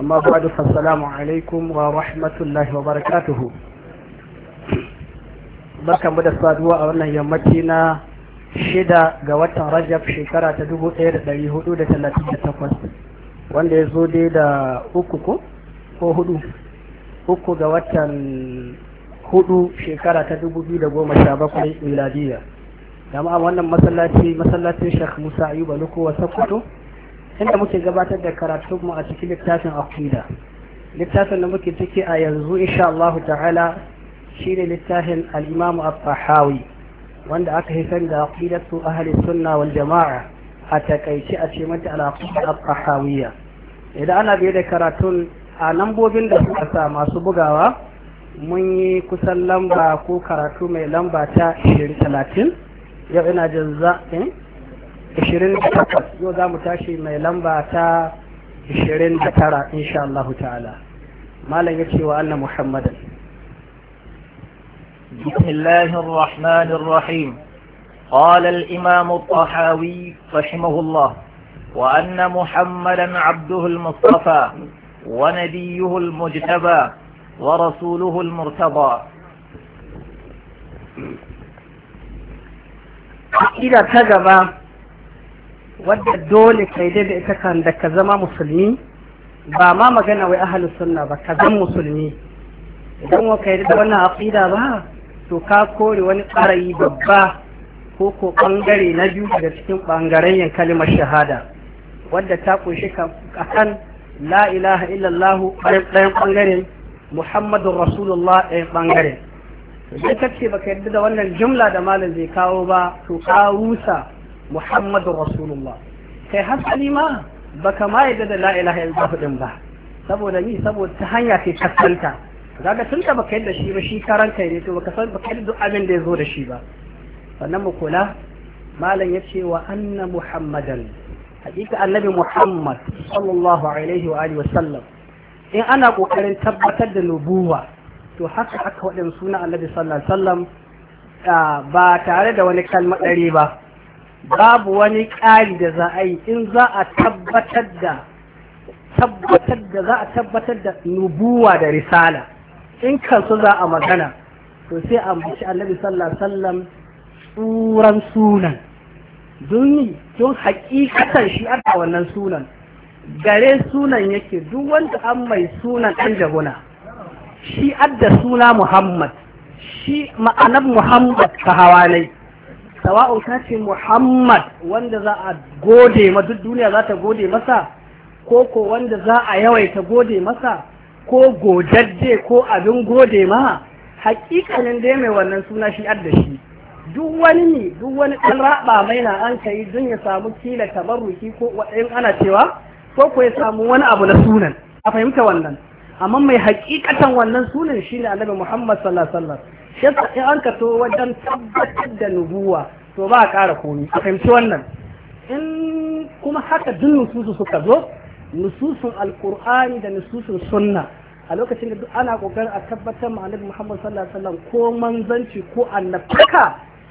Amma أما بعد alaikum wa rahmatullahi wa barakatuhu barkan mu da saduwa a wannan yammaci na shida ga watan rajab shekara ta dubu ɗaya da ɗari hudu da talatin da takwas wanda ya zo dai da uku ko ko hudu uku ga watan hudu shekara ta dubu biyu da goma sha bakwai miladiya jama'a wannan masallaci masallacin shekh musa ayuba luko wa sakkwato inda muke gabatar da karatu mu a cikin littafin aqida littafin da muke ciki a yanzu insha Allah ta'ala shine littafin al-Imam al-Tahawi wanda aka yi da aqidatu ahli sunna wal jama'a a takaice a ce mata al-aqida al-tahawiyya idan ana biye da karatun a lambobin da suka sa masu bugawa mun yi kusan lamba ko karatu mai lamba ta 30 yau ina jin za'in eh? 28 yau za mu tashi mai lamba ta 29 insha Allah ta'ala malam ya ce wa anna muhammadan بسم الله الرحمن الرحيم قال الإمام الطحاوي رحمه الله وأن محمدا عبده المصطفى ونبيه المجتبى ورسوله المرتضى إذا تجب wadda dole kai dai da ita kan da ka zama musulmi ba ma magana wai ahalu sunna ba ka zama musulmi idan wa yi da wannan aqida ba to ka kore wani karai babba ko ko bangare na biyu daga cikin bangaren kalimar shahada wadda ta kunshi akan la ilaha illallah ɗayan bangare muhammadun rasulullah ɗayan bangare. idan ka ce baka yarda da wannan jumla da malam zai kawo ba to ka rusa muhammadun rasulullah kai hasali ma baka ma yadda da la ilaha illallah din ba saboda ni saboda ta hanya ke kasanta kaga tun da baka yadda shi ba shi karan kai ne to baka san baka yadda duk abin da yazo da shi ba sannan mu kula malam ya ce wa anna muhammadan hakika annabi muhammad sallallahu alaihi wa alihi wa sallam in ana kokarin tabbatar da nubuwa to haka aka waɗin suna annabi sallallahu alaihi sallam ah, ba tare da wani ɗari ba babu wani ƙari da za a yi in za a tabbatar da tabbatar da za a tabbatar da nubuwa da risala in kansu za a magana to sai a ambaci annabi sallallahu alaihi wasallam tsuran sunan duni tun hakikatan shi ana wannan sunan gare sunan yake duk wanda an mai sunan ɗan jaguna shi adda suna muhammad shi ma'anar muhammad ka hawa ne sawa'un kashi ce Muhammad wanda za a gode ma duk duniya za ta gode masa ko ko wanda za a yawaita gode masa ko godadde ko abin gode ma hakikanin dai mai wannan suna shi adda shi duk wani ne duk wani ɗan raba mai na an kai don ya samu kila tabarruki ko in ana cewa ko ko ya samu wani abu na sunan a fahimta wannan amma mai hakikatan wannan sunan shi ne annabi Muhammad sallallahu alaihi wasallam shi in an ka to wajen tabbatar da nubuwa to ba a ƙara komi a fahimci wannan in kuma haka duk nususu suka zo nususun alkur'ani da nususun sunna a lokacin da duk ana kokarin a tabbatar ma annabi Muhammad sallallahu alaihi wasallam ko manzanci ko annabtaka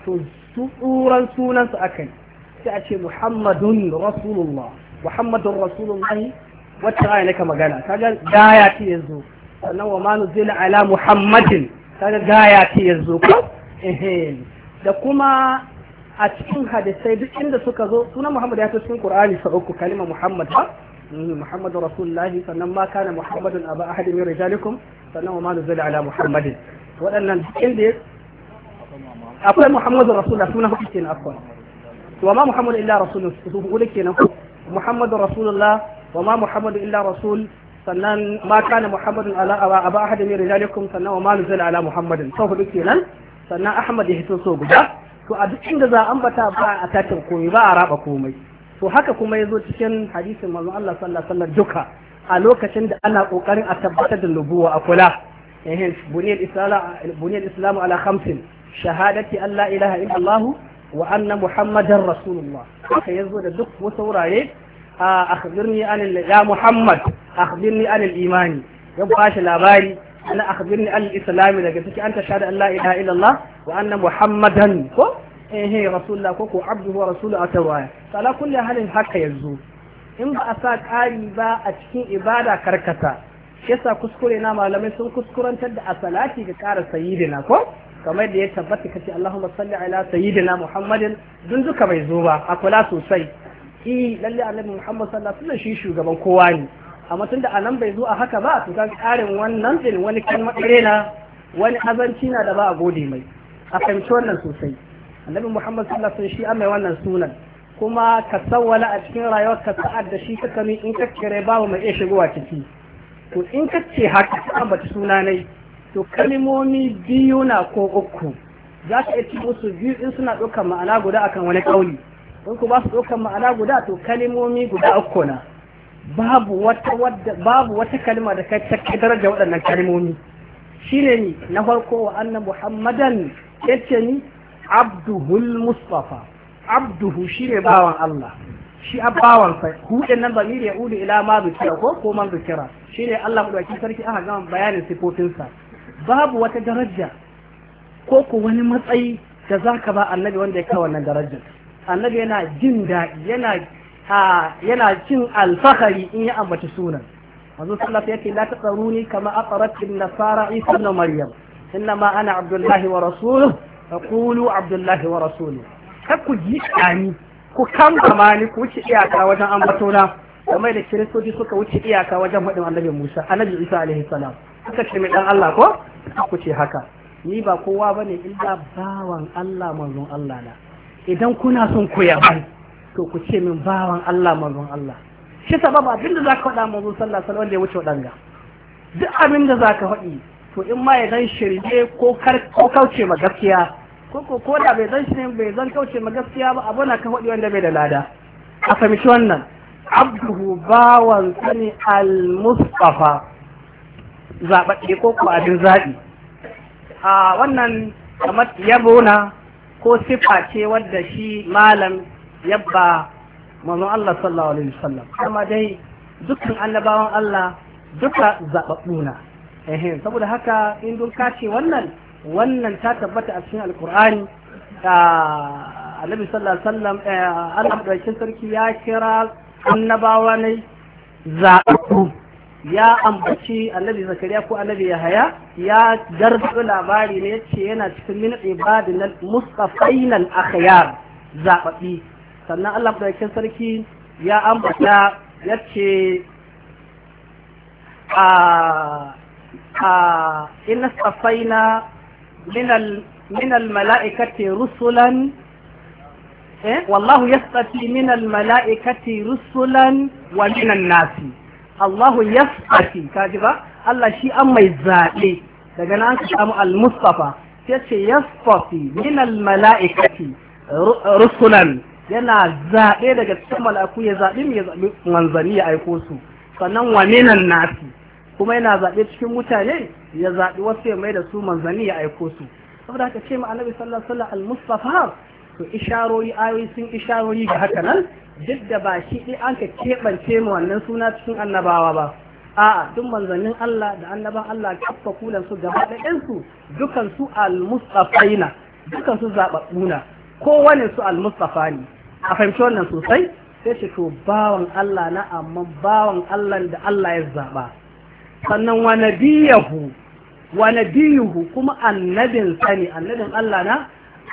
to tsuran sunan su akai sai a ce Muhammadun Rasulullah Muhammadun Rasulullahi wata aya naka magana kaga gaya ce yanzu sannan wa ma nuzila ala muhammadin kaga gaya ce yanzu ko da kuma a cikin hadisai duk inda suka zo sunan muhammad ya ta cikin qur'ani sa uku kalima muhammad ba محمد رسول الله sannan ma kana muhammadun aba ahadin min rijalikum sannan wa ma nuzila ala muhammadin waɗannan inda akwai muhammadu rasulullah sunan hukunci na akwai wa muhammadu illa rasulun su muhammadu wa ma muhammadu illa rasul sannan ma kana muhammadun ala aba ahadin min rijalikum sannan wa ma nuzila ala muhammadin sau hudu kenan sannan ahmad ya hito so guda to a duk inda za a ambata ba a takin komai ba a raba komai to haka kuma ya zo cikin hadisin manzon Allah sallallahu alaihi wasallam duka a lokacin da ana kokarin a tabbatar da nubuwa a kula ehin buniyal islam ala khamsin shahadati Allah ilaha illallah wa anna muhammadar rasulullah haka yazo da duk wasu wurare akhbirni anil ya Muhammad akhbirni anil imani ya bashi labari ana akhbirni anil islam daga ciki an tashhadu an la ilaha illallah wa anna muhammadan ko eh rasulullah ko ko abduhu wa rasuluhu atawaya ala kulli halin haka yanzu in ba a sa ƙari ba a cikin ibada karkata yasa kuskure na malamai sun kuskurantar da a salati ga ƙara sayyidina ko kamar da ya tabbata kace Allahumma salli ala sayyidina Muhammadin dun duka bai zo ba a kula sosai eh lalle annabi Muhammad sallallahu alaihi wasallam shi shugaban kowa ne amma da anan bai zo a haka ba to kan karin wannan din wani kalmar na wani azanci na da ba a gode mai a fahimci wannan sosai annabi Muhammad sallallahu alaihi wasallam shi amai wannan sunan kuma ka sawwala a cikin rayuwar ka sa'ad da shi kaka ne in ka kire babu mai iya shigowa ciki to in ka ce haka ka ambata suna ne to kalmomi biyu na ko uku za ka iya ci musu biyu in suna ɗaukar ma'ana guda akan wani kauli in ku ba su ɗaukar ma'ana guda to kalimomi guda uku na babu wata wadda babu wata kalma da kai ta da waɗannan kalimomi shine ni na farko wa anna muhammadan yace ni abduhul mustafa abduhu shine bawan Allah shi a bawan sai hudin nan zamiri ya udu ila ma zikira ko ko man zikira shine Allah mudauki sarki aka gama bayanin sifofinsa babu wata daraja ko ko wani matsayi da zaka ba annabi wanda ya kawo wannan darajar annabi yana jin daɗi yana yana cin alfahari in ya ambaci sunan manzo sallallahu alaihi wasallam yake la tsaruni kama aqarat bin nasara isa ibn maryam ma ana abdullahi wa rasuluhu kulu abdullahi wa rasuluhu ku ji ani ku kama ni ku wuce iyaka wajen na kamar da kiristoci suka wuce iyaka wajen faɗin annabi musa annabi isa alaihi salam suka ce dan allah ko ku ce haka ni ba kowa bane illa bawan allah manzon allah na idan kuna son ku yabai to ku ce min bawan Allah mazan Allah shi sabab abin da ka faɗa manzon sallallahu sallah, wasallam da ya wuce waɗanga duk abin da ka faɗi to in ma ya zan shirye ko kauce ma gaskiya ko ko ko da bai zan shirye bai zan kauce ma gaskiya ba abu na ka faɗi wanda bai da lada a fahimci wannan abduhu bawan sani al-mustafa zaɓaɗe ko ko abin zaɓi a wannan kamar yabo na ko sifa ce wadda shi malam yabba manzon Allah sallallahu alaihi wasallam amma dai dukkan annabawan Allah duka zababbu na eh saboda haka in dun ce wannan wannan ta tabbata a cikin alqur'ani a annabi sallallahu alaihi wasallam eh, Allah sarki ya kira annabawa ne zababbu ya ambaci annabi zakariya ko annabi ya haya ya gargaɗo labari ne yace yana cikin min ibadin na mustafain al akhyar zababi sannan Allah da madaukakin sarki ya ambata yace a a inna safaina min al min al malaikati rusulan eh wallahu yastati min al malaikati rusulan wa min an nasi Allahu yas'ati kaji ba Allah shi an mai zaɓe daga nan ka samu al-Mustafa ya ce yasfati min al-mala'ikati rusulan yana zaɓe daga cikin mala'iku ya zaɓi mai manzanni ya aiko su sannan wa minan nasi kuma yana zaɓe cikin mutane ya zaɓi wasu ya mai da su manzanni ya aiko su saboda haka ce ma annabi sallallahu alaihi wasallam al-mustafa to isharoyi ayoyi sun isharoyi ga haka nan duk da ba shi ɗi an ka keɓance mu wannan suna cikin annabawa ba a'a tun manzannin Allah da annaban Allah kafa kulan su gaba ɗin su dukan su al-mustafaina dukan su kowane su al-mustafa ne a fahimci wannan sosai sai shi to bawan Allah na amma bawan Allah da Allah ya zaba sannan wa nabiyahu wa nabiyuhu kuma annabin ne, annabin Allah na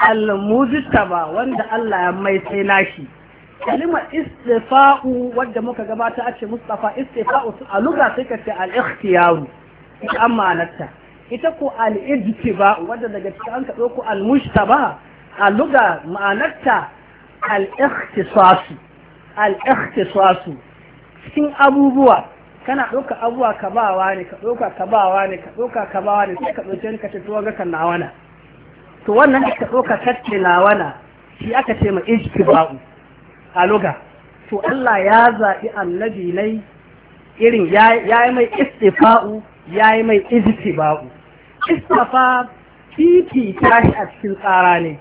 al-mujtaba wanda Allah ya mai sai nashi kalimar istifa'u wadda muka gabata a ce mustafa istifa'u a lura sai ka ce al'ikhtiyaru ita an ma'anarta ita ko al-ijtiba wadda daga cikin an kaɗo ko al-mushtaba a lura ma'anarta al-ikhtisasu cikin abubuwa kana ɗauka abubuwa ka ba wa ne ka ɗauka ka ba wa ne ka ɗauka ka ba wa ne sai ka ɗauke ni ka ce tuwa ga nawana to wannan ka ɗauka kacce nawana shi aka ce ma ijtiba'u a to Allah ya zaɓi annabi nai irin ya yi mai istifa'u ya yi mai ba'u istafa titi tashi a cikin tsara ne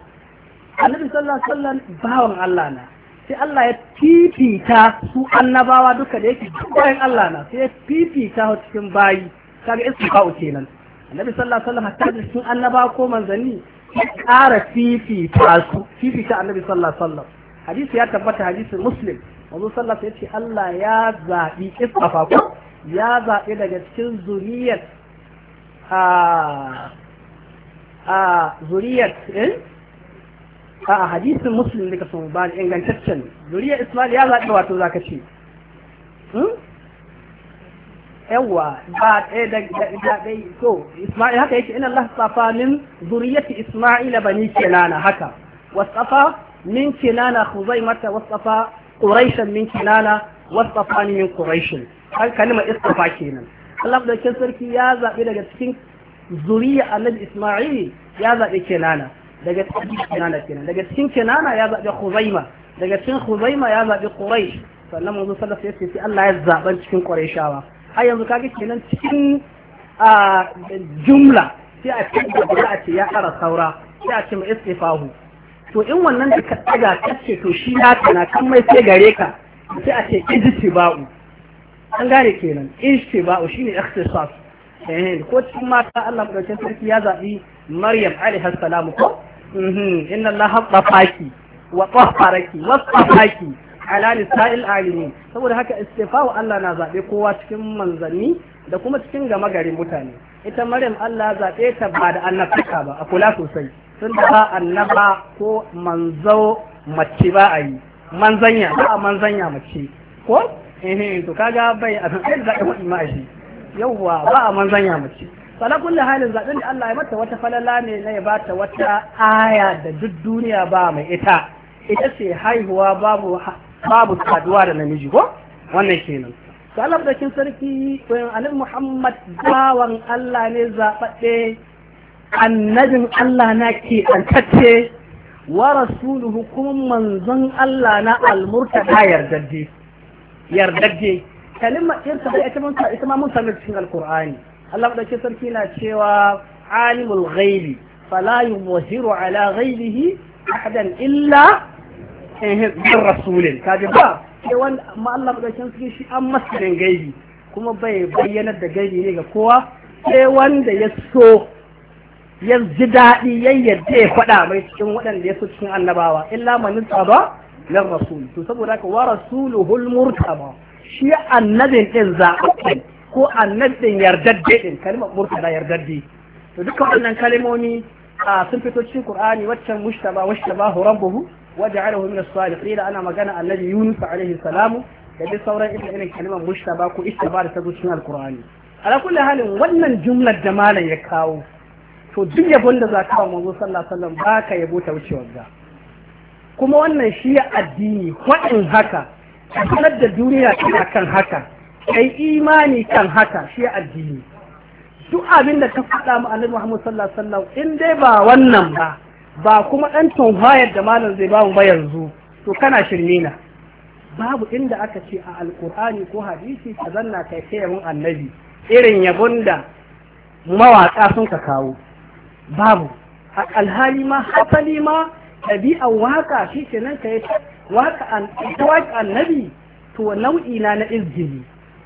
annabi sallallahu alaihi wasallam bawan Allah na sai Allah ya fifita su annabawa duka da yake bayan Allah na sai ya su cikin bayi kaga istifa'u kenan annabi sallallahu alaihi wasallam hatta cikin annabawa ko manzanni ya ƙara fifita su fifita annabi sallallahu alaihi wasallam hadisi ya tabbata hadisin muslim wanzu sallah ya ce Allah ya zaɓi ƙifafa ku? ya zaɓi daga cikin zuriyar a a zuriyar eh? a hadisin muslim da ka sun ba ingantaccen zuriyar ismail ya zaɓi wato za ka ce hmm? yawa ba ɗaya da ɗaya to ismail haka yake ina Allah tsafa min zuriyati ni bani nana haka wasafa min kinana khuzaimata wasafa quraishan min kinana wasafani min quraishin har kalma istafa kenan Allah da sarki ya zabi daga cikin zuriya annabi Isma'il ya zabi kinana daga cikin kinana kenan daga cikin kinana ya zabi khuzaima daga cikin khuzaima ya zabi quraish sannan manzo sallallahu alaihi wasallam sai Allah ya zaban cikin quraishawa har yanzu kage kenan cikin a sai a cikin ya kara saura sai a ce to in wannan da ka ɗaga kacce to shi ya tana kan mai sai gare ka sai a ce in ba'u. an gane kenan ba'u shine ikhtisas eh ko cikin mata Allah madaukakin sarki ya zaɓi Maryam alaiha salamu ko mhm, inna Allah haqqafaki wa tahharaki wa tahharaki ala nisa'il alimin saboda haka wa Allah na zaɓe kowa cikin manzanni da kuma cikin gama garin mutane ita Maryam Allah zaɓe ta ba da annabta ba a kula sosai sun da ba annaba ko manzo mace ba a yi manzanya ba a manzanya mace ko ehe to kaga bai a san da kuma imaji ma yawwa ba a manzanya mace fala kulli halin zaɓen da Allah ya mata wata falala ne na ya bata wata aya da duk duniya ba mai ita ita ce haihuwa babu babu da namiji ko wannan kenan da kin sarki ko Annabi Muhammad bawan Allah ne zabadde annabin Allah na ke tsantacce wa rasuluhu kuma manzon Allah na almurtada yardadde yardadde kalimar irtada ita mun ita ma mun sanar cikin alqur'ani Allah da ke sarki na cewa alimul ghaibi fala yuzhiru ala ghaibihi ahadan illa bin rasulin ba sai amma Allah madaukakin sarki shi an masanin gaibi kuma bai bayyanar da gaibi ne ga kowa sai wanda ya so ya ji daɗi ya yarda ya faɗa mai cikin waɗanda ya sa cikin annabawa illa man tsaba na rasul to saboda haka wa hulmur murtaba shi annabin ɗin zaɓaɓɓe ko annabin yardadde din kalmar murtaba yardadde to duka waɗannan kalmomi sun fito cikin qur'ani waccan mushtaba wajen rabbuhu waja'alahu min as-salihin ana magana annabi yunus alaihi salamu da duk sauran irin irin kalmar mushtaba ko istaba da ta zo cikin alqur'ani ala kulli halin wannan jumlar da malam ya kawo to duk yabon da za ka wa manzo sallallahu ba ka yabo ta wuce wanda kuma wannan shi ya addini wa'in haka a sanar da duniya tana kan haka kai imani kan haka shi ya addini duk abin da ka faɗa mu annabi Muhammad sallallahu alaihi in dai ba wannan ba ba kuma ɗan tunhayar da malam zai ba mu ba yanzu to kana shirme na babu inda aka ce a alkur'ani ko hadisi ka zanna kai kai annabi irin yabon da mawaƙa sun ka kawo babu alhali ma hafali ma ɗabi'ar waka shi ke nan ka yi ta waka annabi to nau'i na na izgili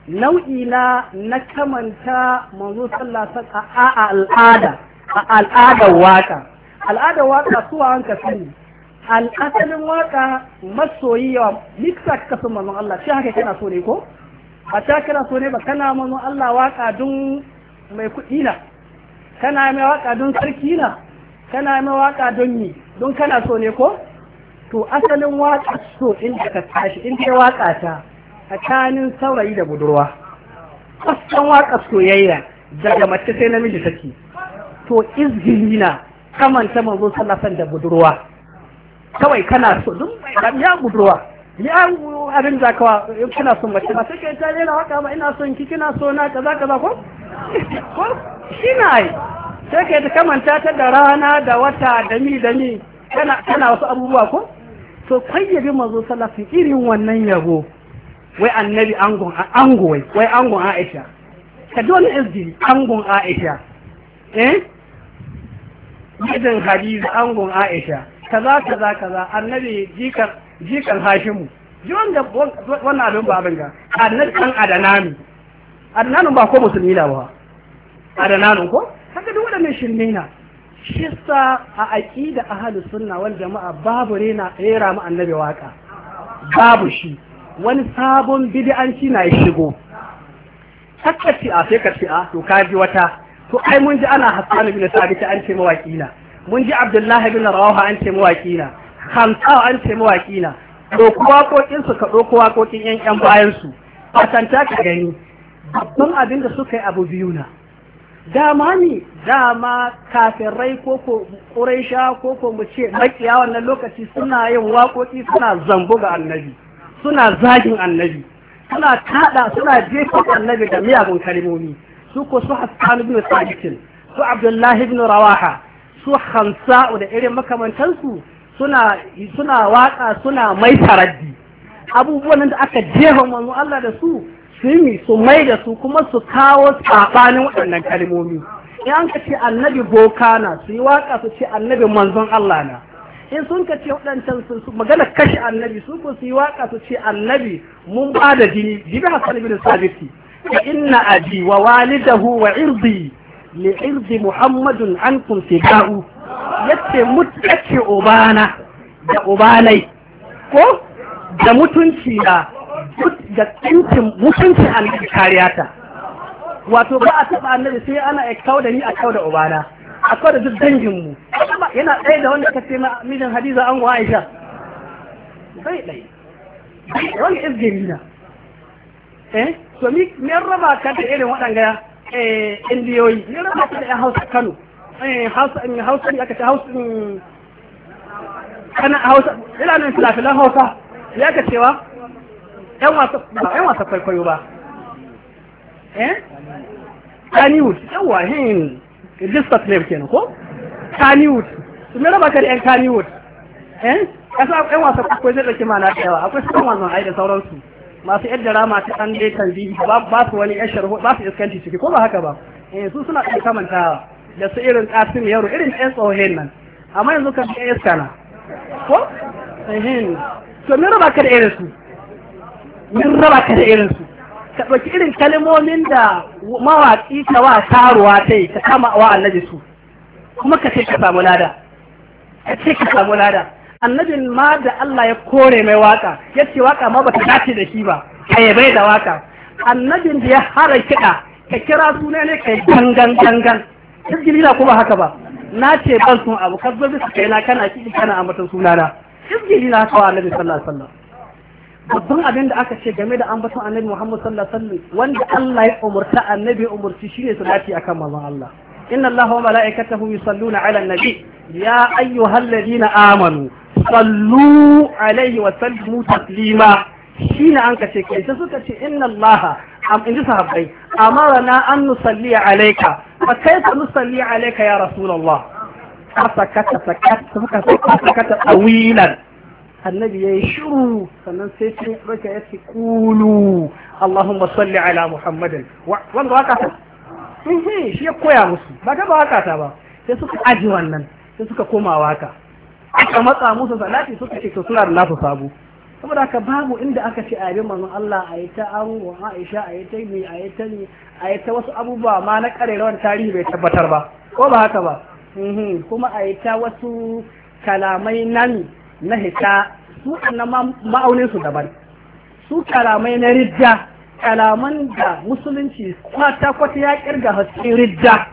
nau'i na na kamanta manzo sallah a al'ada a al'adar waka al'adar waka suwa an ka sani al'asalin waka masoyi yawa miksa ka so manzon Allah shi haka kana so ne ko a ta kana so ne ba kana manzon Allah waka don mai kuɗi na kana mai waka don sarki na kana mai waka don ni don kana so ne ko to asalin waka so da ka tashi in ya waka ta tsakanin saurayi da budurwa asalin waka soyayya daga mace sai namiji take to izgili na ta manzo sallafan da budurwa kawai kana so dun ya budurwa ya abin zakawa kana son mace ba sai ka tare da waka ba ina son ki kina so na kaza kaza ko shi na yi sai ka ta kamanta ta da rana da wata da mi da mi kana wasu abubuwa ko to kwayyabi mazo salafi irin wannan yabo wai annabi angon ango wai wai angon Aisha ka wani SD angon Aisha eh gidan Hadiza angon Aisha kaza kaza kaza annabi jikan jikan Hashimu ji wanda wannan abin ba abin ga annabi kan adanami adananun ba ko musulmi na ba adananun ko haka duk wadannan shirme na Shista a aƙida ahalus sunna wal jama'a babu rena rera mu annabi waka babu shi wani sabon bid'anci na ya shigo kakkaci a sai kaci a to ka ji wata to ai mun ji ana na bin Sabit an ce mawaki na mun ji Abdullahi bin Rawaha an ce mawaki na Hamsa an ce mawaki na to kuwa kokin su ka ɗauko yan yan bayan ka gani babban abin da suka yi abu biyu na dama ne dama kafirai ko ko ƙuraisha ko ko mu ce makiya wannan lokaci suna yin waƙoƙi suna zambo ga annabi suna zagin annabi suna tada suna jefa annabi da miyagun kalimomi su ko su Hassan ibn su Abdullahi ibn Rawaha su Hamsa da irin makamantansu suna suna waka suna mai taraddi abubuwan da aka jefa manzo Allah da su su su mai da su kuma su kawo saɓanin waɗannan kalmomi in an ka ce annabi boka na su yi waka su ce annabi manzon Allah na in sun ka ce waɗancan su magana kashe annabi su ko su yi waka su ce annabi mun ba da jini jibi hasan ibn sabiti fa inna abi wa walidahu wa irdi li irdi muhammadun ankum sibau yace mutace obana da obanai ko da mutunci na. ga tsintin mutuncin annabi kariya ta wato ba a taba annabi sai ana ya kawo da ni a kawo da ubana a kawo da duk danginmu yana ɗaya da wanda ce ma mijin Hadiza an wa Aisha zai ɗaya wani izgiri na eh to mi me raba ka da irin waɗanga eh indiyoyi me raba ka da ƴan Hausa Kano eh Hausa in Hausa aka ce Hausa kana Hausa ila nan filafilan Hausa ya ka cewa yan wasa ba yan wasa kwaikwayo ba eh Kannywood yawa hin registered name kenan ko Kannywood su mera baka da yan Kannywood eh kasa yan wasa kwaikwayo zai dauki mana da yawa akwai sauran wannan ai da sauransu masu yan drama ta an dai tanzihi ba su wani yan sharho ba su iskanci ciki ko ba haka ba eh su suna ɗan kamantawa da su irin kasim yaro irin yan tsohon nan amma yanzu kan iska na ko ehin to mera baka da irin su min raba ka da irinsu ka ɗauki irin kalmomin da mawaƙi ka wa taruwa ta yi ka kama wa annabi su kuma ka ce ka samu lada ka ce ka samu lada annabin ma da Allah ya kore mai waka ya ce waka ma ba ta dace da shi ba ka bai da waka annabin da ya hara kiɗa ka kira suna ne ka yi gangan gangan duk jirgin kuma haka ba na ce ban sun abu ka zo bisa kaina kana kiɗi kana ambaton sunana duk jirgin haka annabi sallallahu alaihi babban abin da aka ce game da ambaton annabi Muhammad sallallahu alaihi wasallam wanda Allah ya umurta annabi umurci shine salati akan manzon Allah inna Allah wa mala'ikatahu yusalluna 'alan nabi ya ayyuhalladhina amanu sallu alaihi wa sallimu taslima shine an kace kai sai suka ce inna Allah am inji sahabbai amarna an nusalli alayka fa kayfa nusalli alayka ya rasulullah sakata sakata sakata sakata tawilan annabi ya yi shiru sannan sai ce raka ya ce kulu Allahumma salli ala Muhammadin wanda waka ta shi ya koya musu ba ka ba waka ta ba sai suka aji wannan sai suka koma waka aka matsa musu salati suka ce to suna da nasu sabo saboda haka babu inda aka ce ayi manzon Allah a yi ta amu wa Aisha ayi ta mi ayi ta ni ayi ta wasu abubuwa ma na karerawan tarihi bai tabbatar ba ko ba haka ba uhm, kuma a yi ta wasu kalamai nan na hita su annan ma'aunin su daban su kalamai na ridda kalaman da musulunci kwata kwata ya kirga hasken ridda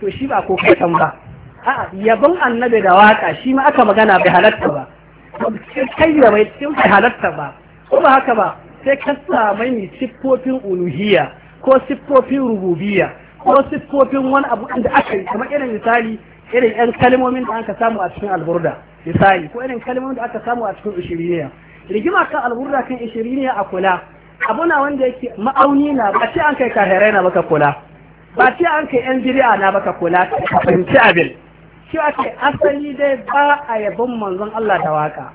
to shi ba ko ba a'a yabon annabi da waka shi ma aka magana bai halatta ba kai mai cikin bai halatta ba ko ba haka ba sai ka samai ni siffofin uluhiyya ko siffofin rububiya ko siffofin wani abu da aka yi kamar irin misali irin yan kalmomin da aka samu a cikin alburda misali ko irin kalmomin da aka samu a cikin ishiriniya rigima kan alburda kan ishiriniya a kula na wanda yake ma'auni na ba ce an kai kahirai na baka kula ba ce an kai yan bid'a na baka kula ka fahimci abin shi ake asali dai ba a yabon manzon Allah da waka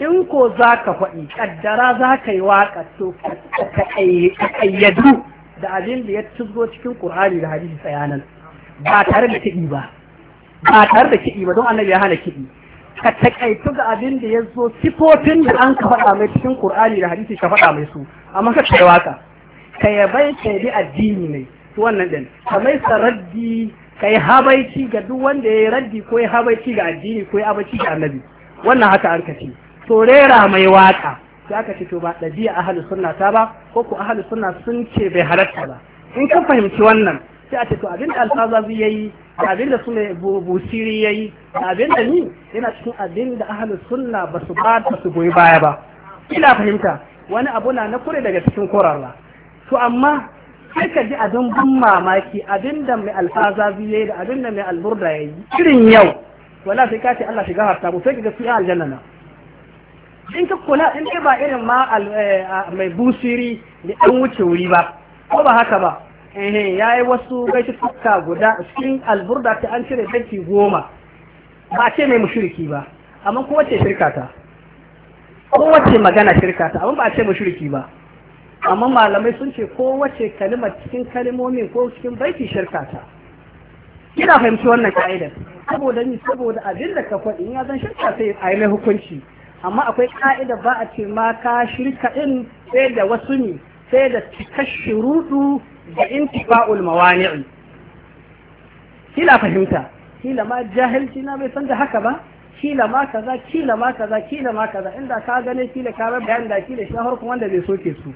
in ko za ka faɗi ƙaddara za ka yi waƙa to ka ƙayyadu da abin da ya tuzgo cikin ƙur'ani da hadisi tsayanan ba tare da kiɗi ba ba tare da kiɗi ba don annabi ya hana kiɗi ka taƙaitu ga abin da ya zo sifofin da an ka faɗa mai cikin ƙur'ani da hadisi ka faɗa mai su amma ka kai waka ka yabai ka yabi addini ne wannan din ka mai sa raddi ka yi habaici ga duk wanda ya yi raddi ko ya habaici ga addini ko ya habaici ga annabi wannan haka an kace to rera mai waka sai aka ce to ba ɗabi'a ahalu sunna ta ba ko ku ahalu sunna sun ce bai halarta ba in ka fahimci wannan sai a ce to abin da alfazazi ya yi abin da suna busiri ya yi abin da ni yana cikin abin da ahalus sunna ba su ba ta su goyi baya ba ina fahimta wani abu na na kure daga cikin korarwa to amma sai ka ji abin ban mamaki abin da mai alfazazi ya yi da abin da mai alburda ya yi irin yau wala sai ka ce Allah shiga harta mu sai ka ga su aljanna na in ka kula in ba irin ma eh, mai busiri da ɗan wuce wuri ba ko ba haka ba eh yayi wasu gaisuka guda cikin alburda ta an cire danki goma ba ce mai mushriki ba amma kuma ce shirka ta kowace magana shirka ta amma ba a ce mushriki ba amma malamai sun ce kowace kalima cikin kalimomin ko cikin baiti shirka ta ina fahimci wannan ka'idar saboda ni saboda abin da ka faɗi ya zan shirka sai a yi mai hukunci amma akwai ka'ida ba a ce ma ka shirka ɗin sai da wasu ne sai da cikar shuruɗu da intifa'ul mawani'i kila fahimta kila ma jahilci na bai san da haka ba kila ma kaza kila ma kaza kila ma kaza inda ka gane kila ka bar bayan da kila shi kuma wanda bai soke su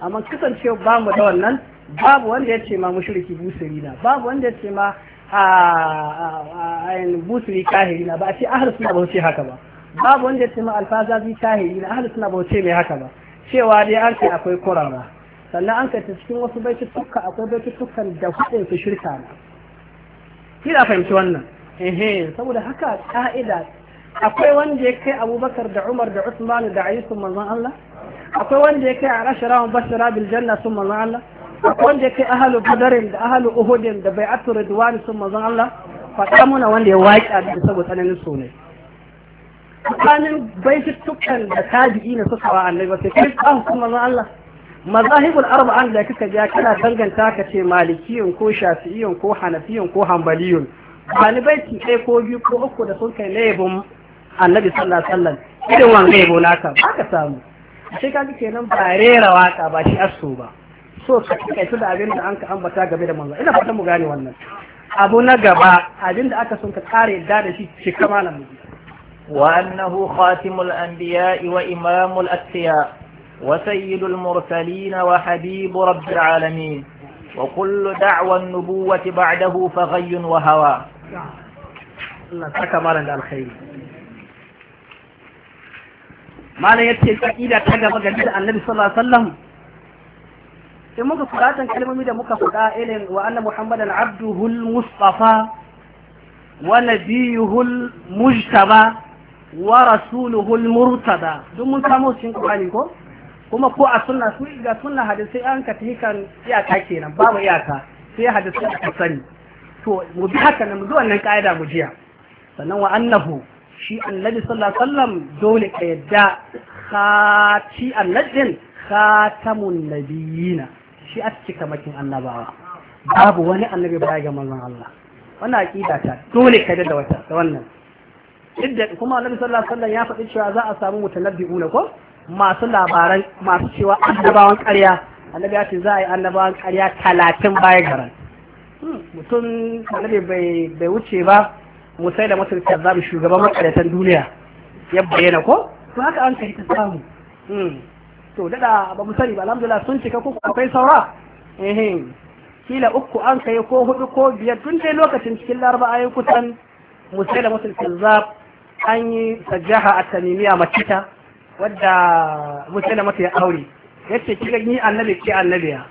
amma kasancewa ba mu da wannan babu wanda ya ce ma mushriki busiri na babu wanda ya ce ma a busiri kahiri na ba a ce ahal suna ba ce haka ba babu wanda ya ce ma alfazazi kahiri na ahal suna ba ce mai haka ba cewa dai an ce akwai kurara sannan an ka cikin wasu baitutuka akwai baitutukan da hudun su shirka na shi fahimci wannan ehe saboda haka ka'ida akwai wanda ya kai abubakar da umar da usman da ali sun manzon allah akwai wanda ya kai arashara wa bashara bil janna sun manzon allah akwai wanda ya kai ahalu badarin da ahalu uhudin da bai'atu ridwan sun manzon allah faɗa muna wanda ya waƙi da saboda tsananin so ne tsakanin baitutukan da tabi'i ne suka wa annabi sai kai ba sun manzon allah mazahibul arba'an da kika ja kana danganta ka ce malikiyun ko shafi'iyun ko hanafiyun ko hanbaliyun ɗalibai ki ɗaya ko biyu ko uku da sun kai laifin annabi sallallahu alaihi wasallam irin wanga yabo naka ba ka samu sai ka kenan ba rera waka ba shi asso ba so ka kai da abin da an ka ambata game da manzo ina fatan mu gane wannan abu na gaba abin da aka sun ka kare yadda da shi shi kama na mu wa annahu khatimul anbiya wa imamul atqiya وسيد المرسلين وحبيب رب العالمين وكل دعوى النبوة بعده فغي وهوى الله تكبر الخير malam ya ce ka'ida ta gaba ga da annabi sallallahu alaihi muka furatan kalmomi da muka faɗa irin wa anna muhammadan abduhul mustafa wa nabiyuhul mujtaba wa rasuluhul murtada duk mun cikin ko kuma ko a suna su ga suna hadisai an ka tafi kan iyaka kenan babu iyaka sai hadisai ka sani to mu bi haka nan mu wannan kaida mu jiya sannan wa annahu shi annabi sallallahu alaihi wasallam dole ka yadda khati annabin khatamun nabiyina shi a cika makin annabawa babu wani annabi baya ga manzon Allah wannan aqida ta dole ka da wata da wannan idda kuma annabi sallallahu alaihi wasallam ya faɗi cewa za a samu mutanabbi'una ko masu labaran masu cewa annabawan ƙarya annabi ya ce za a yi annabawan ƙarya talatin baya garan hmm, mutum annabi bai wuce ba musai da mutum zaɓi shugaban makaratan duniya ya bayyana ko to haka an kai ta samu hmm, to dada ba mu sani ba alhamdulillah sun cika ko akwai saura eh kila uku an kai ko hudu ko biyar tun dai lokacin cikin laraba yi kusan musai da mutum zaɓi an yi sajjaha a tamimiya matita wadda mutane mata ya aure yace kiga ni annabi ke annabiya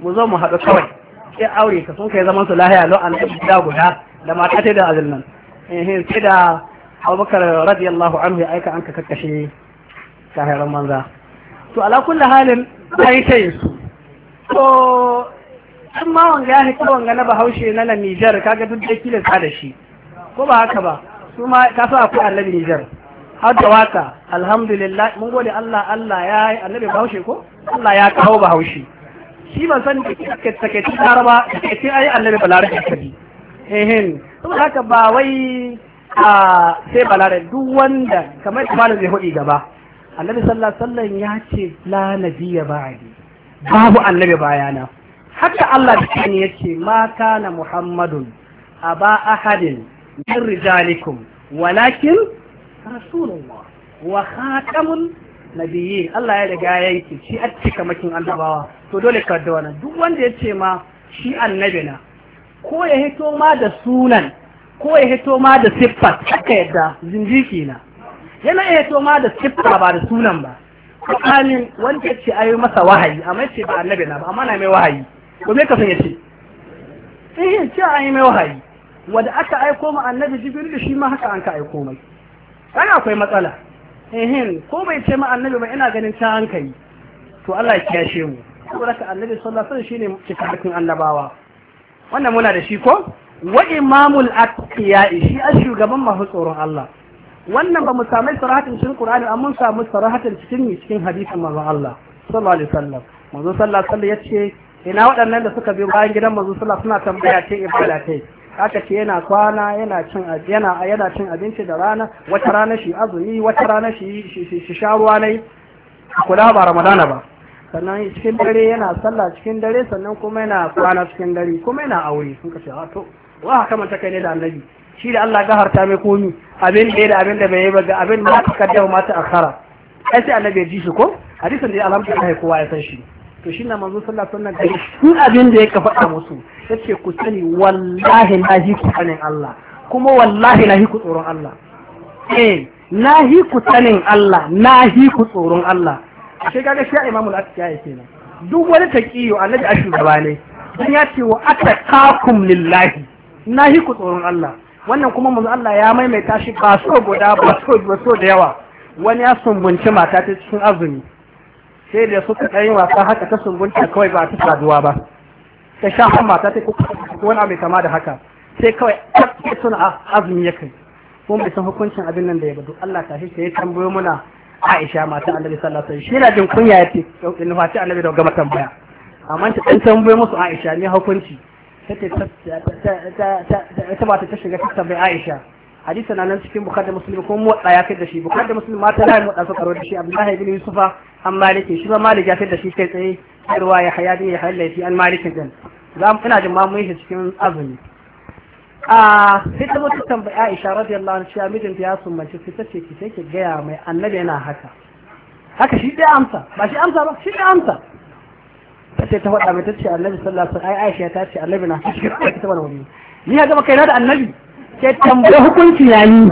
mu zo mu haɗu kawai ke aure ka sun kai zaman su lahiya lo annabi guda guda da mata ta da azumin. eh sai da Abubakar radiyallahu anhu ya aika an ka kakkashe shahiran manza to ala kulli halin ai sai su to in ma wanga ya hita wanga na bahaushe na na Nijar kaga duk da sa da shi ko ba haka ba su ma ka sa akwai annabi Nijar har da waka alhamdulillah mun gode Allah Allah ya yi annabi bahaushe ko Allah ya kawo bahaushe shi ban san ke take ci araba ke ce ai annabi balarabe kabi eh to haka ba wai a sai balare duk wanda kamar malam zai hudi gaba annabi sallallahu alaihi wasallam ya ce la nabiyya ba'di babu annabi bayana haka Allah da kani yace ma kana muhammadun aba ahadin min rijalikum walakin rasulullah wa khatamun nabiyyi Allah ya riga ya yi shi a cika makin annabawa to dole ka da wannan duk wanda ya ce ma shi annabi na ko ya hito ma da sunan ko ya hito ma da siffar haka yadda zinjiki na yana ya hito ma da siffa ba da sunan ba tsakanin wanda ya ce ayi masa wahayi amma ya ce ba annabi na ba amma na mai wahayi ko me ka san ya ce eh, ya ce ayi mai wahayi wanda aka aiko ma annabi jibril shi ma haka an ka aiko mai kana akwai matsala ehin ko bai ce ma annabi ba ina ganin ta hankali to Allah ya kiyashe mu saboda ka annabi sallallahu alaihi wasallam shine cikakken annabawa wannan muna da shi ko wa imamul atqiya'i shi a shugaban mafi tsoron Allah wannan ba mu samu sarahatin cikin Qur'ani amma mun samu sarahatin cikin cikin hadisin manzo Allah sallallahu alaihi wasallam manzo sallallahu alaihi wasallam yace ina waɗannan da suka bi bayan gidan manzo sallallahu suna tambaya ce ibada kai aka ce yana kwana yana cin abinci da rana wata rana shi azumi wata rana shi sharuwa na sha ruwa ne kula ba ramadana ba sannan cikin dare yana sallah cikin dare sannan kuma yana kwana cikin dare kuma yana aure sun kashe ce a ah, to wa haka manta kai ne da annabi shi da Allah gaharta mai komi abin da da abin da bai yi ba ga abin da ta kaddama ma akhara ai sai annabi ya ji shi ko hadisin da alhamdulillah kowa ya san shi to shi na manzo sallallahu alaihi wasallam shi abin da yake faɗa musu yace ku sani wallahi nahi ku sanin Allah kuma wallahi nahi ku tsoron Allah eh nahi ku sanin Allah nahi ku tsoron Allah sai kaga shi Imam al ke nan? duk wani taqiyo annabi ashin gaba ne dan ya ce wa atakakum lillahi nahi ku tsoron Allah wannan kuma manzo Allah ya maimaita shi ba so guda ba so da yawa wani ya sumbunci mata ta cikin azumi sai da suka ɗan yi wasa haka ta sungunta kawai ba ta saduwa ba ta sha han mata ta kuka wani abu kama da haka sai kawai ake suna azumi ya kai kuma bai san hukuncin abin nan da ya gudu Allah ta shi ya tambayo muna Aisha mata Annabi sallallahu alaihi wasallam shi na jin kunya ya yace in fati Annabi da gama tambaya amma ta dan tambayo musu Aisha ne hukunci tace ta ta ba ta shiga ta tambayi Aisha hadisi na nan cikin bukhari da muslim kuma mu tsaya kai da shi bukhari da muslim mata lai mu da suka karo da shi Abdullahi ibn Yusufa an maliki shi ba malik ya fitar da shi kai tsaye ruwa ya haya ya halaye shi an malikin din za mu ina jin mamun shi cikin azumi a fita mutu tambaya aisha radiyallahu shi cewa mijinta ya sumbace fita ce ki sai ki gaya mai annabi yana haka haka shi ɗaya amsa ba shi amsa ba shi ɗaya amsa ta ce ta faɗa mai ta ce annabi sallallahu alaihi wasallam aisha ta ce annabi na cikin aiki ta wani wani ni ya gaba kaina da annabi ke tambaye hukunci yayi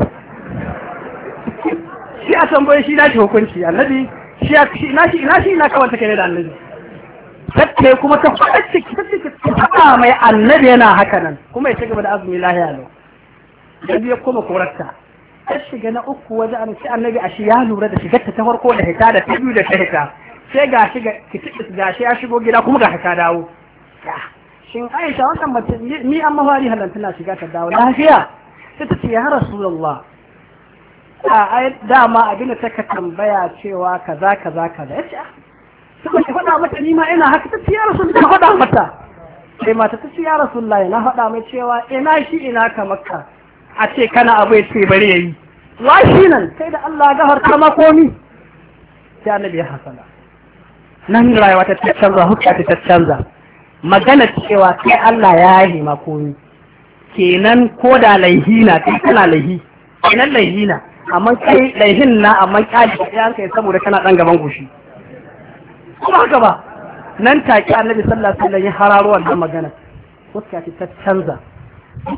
shi a tambaye shi na shi hukunci annabi shi ina shi ina shi ina kawanta kai da annabi tattake kuma ta faɗa faɗa mai annabi yana haka nan kuma ya ci gaba da azumi lahiya lau yanzu ya koma korarta ta shiga na uku waje an ci annabi a shi ya lura da shigar ta ta farko da hita da ta biyu da ta hita sai ga shi ga shi ya shigo gida kuma ga ta dawo shin aisha wannan mace ni an mafari halantana shiga ta dawo lafiya sai ta ce ya rasulullah a dama abinda ta ka tambaya cewa kaza kaza kaza ya ce kuma ah, ki faɗa mata ni ma ina haka ta ciyar sun ta faɗa mata sai mata ta ciyar sun layi na faɗa mai cewa ina shi ina ka makka a ce kana abu sai bari yayi wa shi nan sai da Allah gafar ta ma komi ya nabi ya nan rayuwa ta canza hukka ta canza magana cewa kai Allah ya yi ma komi kenan ko da laihi kai kana laihi kenan laihina amma kai laihin na amma kyali sai an kai saboda kana dan gaban goshi kuma haka ba nan take annabi sallallahu alaihi wasallam ya hararo wannan magana fuska ta canza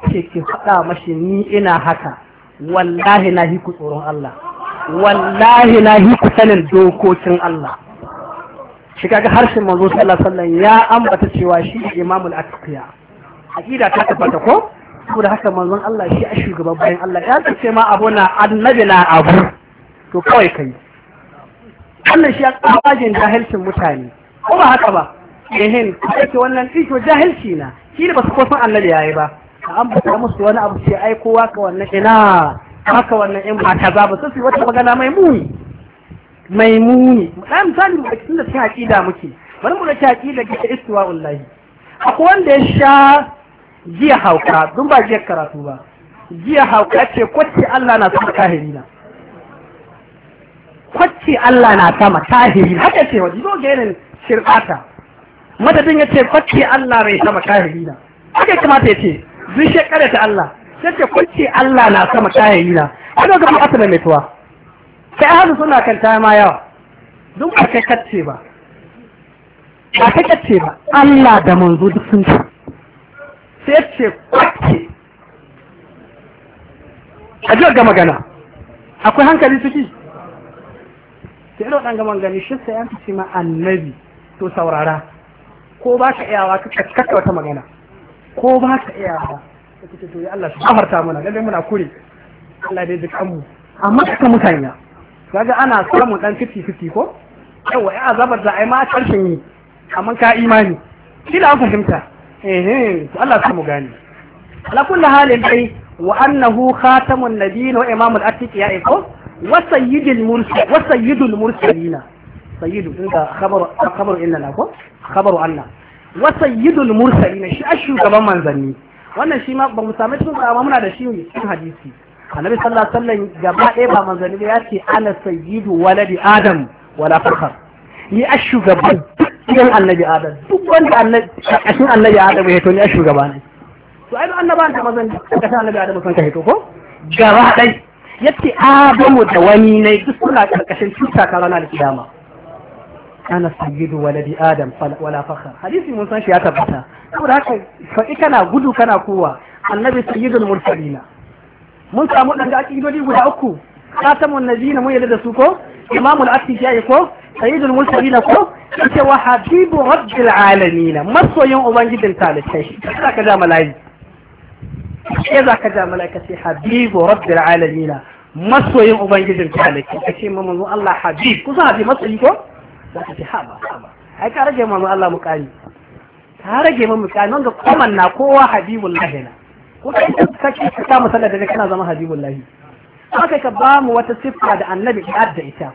kike ki faɗa mashi ni ina haka wallahi na hiku tsoron Allah wallahi na hiku sanin dokokin Allah shi kaga harshen manzo sallallahu alaihi wasallam ya ambata cewa shi imamul atqiya aqida ta tabbata ko saboda haka manzon Allah shi a shugaban bayan Allah ya ce ma abu na annabi na abu to kawai kai wannan shi ya kawajin jahilcin mutane ko ba haka ba ehin ake wannan ɗin jahilci na shi ne ba su kosan annabi yayi ba an bata musu wani abu sai ai kowa ka wannan ina haka wannan in ba kaza ba sai wata magana mai muni mai muni dan misali mu cikin da cikin aqida muke bari mu da cikin aqida ga istiwa wallahi akwai wanda ya sha jiya hauka dun ba jiya karatu ba jiya hauka ce kwacce Allah na sama tahiri na kwacce Allah na sama na haka ce wajen doge yanin shirata madadin ya ce kwacce Allah mai sama tahiri na haka kuma ta ce zai shekara ta Allah sai ce kwacce Allah na sama tahiri na haka ga asalin mai tuwa sai hadu suna kan ta ma yawa duk ba kai kacce ba ba kai kacce ba Allah da manzo duk sun ce sai ce kwatke a jiwa ga magana akwai hankali ciki sai irin ga magani shi sai fi ce ma annabi to saurara ko ba ka iyawa ka kakka wata magana ko ba ka iyawa ka ce to yi Allah shi afarta muna lalle muna kure Allah bai duk mu amma kaka mutanya kaga ana samun dan fiti fiti ko yawa ya azabar da ai ma karshen yi amma ka imani kila an fahimta Eh, Allah samu gani ala kulli halin dai wa annahu khatamun nabiyyin wa imamul atiqiya eh, ko wa sayyidul mursal wa sayyidul mursalina sayyidu inda khabaru khabaru inna ko khabaru anna wa sayyidul mursalina shi shugaban manzanni wannan shi ma ba mu same tun ba muna da shi cikin hadisi annabi sallallahu alaihi wasallam gaba ɗaya ba manzanni ya ce ana sayyidu waladi adam wala fakhar يأشوا قبل يهن النبي آدم بقوان أشن النبي آدم يهتون يأشوا قبل سؤال أن بانت مثلا كثير النبي آدم مثلا كهتوكو جراحة يأتي آدم ودوانيني تسكنا كشن شوكا كرانا لكداما أنا سيد ولدي آدم ولا فخر حديث منسان شيئا تبسا أقول هكا فإكنا قدو كنا قوة النبي سيد المرسلين منسان مؤلاء جاكي إدو دي قدو أكو خاتم النزين مو يلد سوكو إمام الأكتشاء يكو sayyidul na ko yace wa habibu rabbil alamin masoyin ubangijin talikai shi ka da malayi sai za ka da malaika sai habibu rabbil alamin masoyin ubangijin talikai kace ma manzo Allah habib kusa habib masoyi ko za ka ce haba haba ai ka rage manzo Allah mukani ka rage mu mukani wanda koman na kowa habibullahi na ko kai ka ce ka samu sallar da kana zama habibullahi kai ka ba mu wata siffa da annabi ya da ita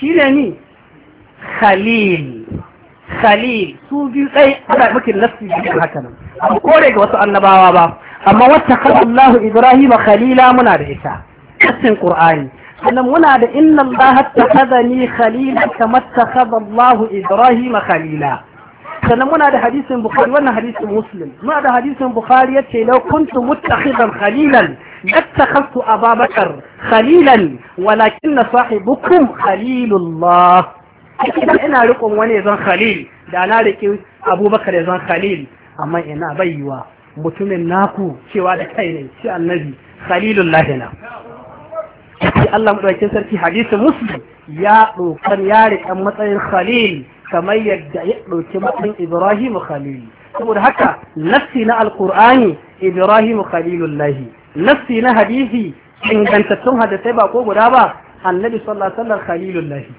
shi ne ni khalil khalil su biyu tsaye ana mukin nafsi biyu haka nan an kore ga wasu annabawa ba amma wata kallallahu ibrahim khalila muna da ita cikin qur'ani sannan muna da inna allaha takhadani khalila kama takhadha Allahu ibrahim khalila sannan muna da hadisin bukhari wannan hadisin muslim muna da hadisin bukhari yace law kuntu muttakhidan khalilan اتخذت أبا بكر خليلا ولكن صاحبكم خليل الله idan ina rikon wani zan khalil da na rike abubakar zan khalil amma ina bayyuwa mutumin naku cewa da kai ne shi annabi khalilullahi na shi Allah madaukakin sarki hadisi muslim ya dokan ya rikan matsayin khalil kamar yadda ya dauki matsayin ibrahim khalil saboda haka nafsi na alqur'ani ibrahim khalilullahi nassi na hadisi ingantattun hadisai ba ko guda ba annabi sallallahu alaihi wasallam khalilullahi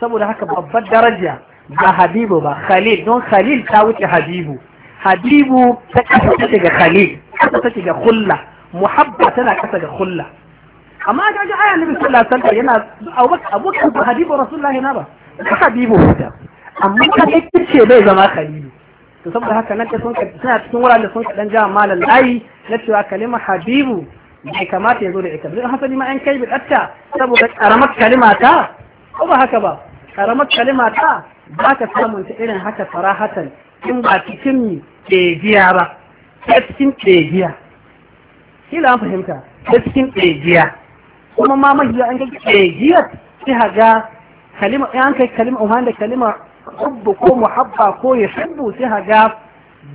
saboda haka babbar daraja ba habibu ba khalil don khalil ta wuce habibu habibu ta kasa take ga khalil ta take ga khulla muhabba tana kasa ga khulla amma ga ga aya nabi sallallahu alaihi wasallam yana abubakar abubakar habibu rasulullahi na ba habibu huta amma ka ce bai zama khalilu to saboda haka nan sun ka suna cikin wuraren da sun ka dan jama malal layi na cewa kalima habibu bai kamata ya zo da ita don hasali ma an kai bidatta saboda karamar kalima ta ko ba haka ba karamar kalima ta ba ka samun ta irin haka farahatan in ba cikin ni ɗegiya ba ta cikin shi kila an fahimta ta cikin ɗegiya kuma ma mahiya an ga ɗegiyar sai ga kalima an kai kalima uhan da kalima حبكم كو محبة كو يحبو سيها جاف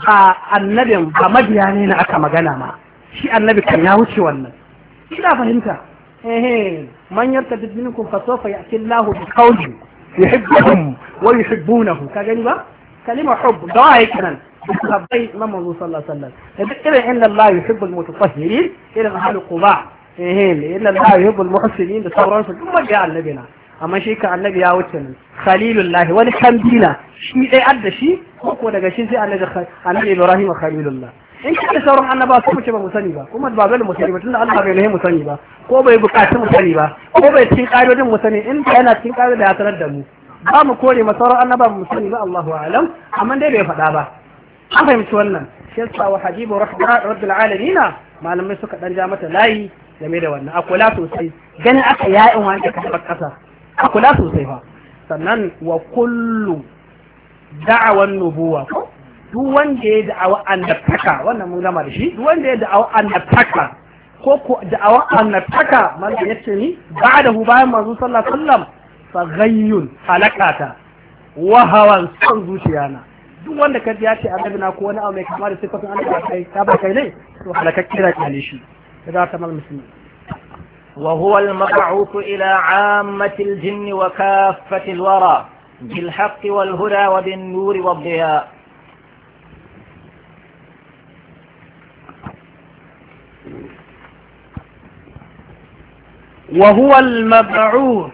با النبي محمد يعني نعكا مغانا ما شي النبي كان يوشي وانا كلا فهمتا هيه من يرتد منكم فسوف يأتي الله بقول يحبهم ويحبونه كجنبا كلمة حب دعاي كنان بكتابي إمام الله صلى الله عليه وسلم إذا إن الله يحب المتطهرين إلى أهل القضاء إيه إن الله يحب المحسنين تصورون في كل مجال amma shi ka annabi ya wuce nan khalilullah wani kamdina shi dai adda shi ko daga shi sai annabi annabi ibrahim khalilullah in ka sauran annaba ko mace ba mu sani ba kuma ba dole mu sani ba tunda Allah bai mu sani ba ko bai bukaci mu sani ba ko bai cikin ƙa'idodin mu sani in yana cikin ƙa'idodin da ya sanar da mu ba mu kore ma sauran annaba mu sani ba Allahu a'lam amma dai bai faɗa ba an fahimci wannan shi yasa wa habibu rabbil alamin malamai suka dan ja mata layi game da wannan a kula sosai ganin aka yayin wanda ka kasa a kula sosai fa sannan wa kullum da'awan nubuwa ko duk wanda ya da'awa annabtaka wannan mun gama da shi duk wanda ya da'awa annabtaka ko ko da'awa annabtaka manzo yace ni hu bayan manzo sallallahu alaihi wasallam fa ghayyun halakata wa hawan son zuciya na duk wanda ka ji ya ce annabi na ko wani abu mai kama da sifatin annabi kai ta ba kai ne to halakakke da kyale shi da ta mal musulmi وهو المبعوث إلى عامة الجن وكافة الورى بالحق والهدى وبالنور والضياء وهو المبعوث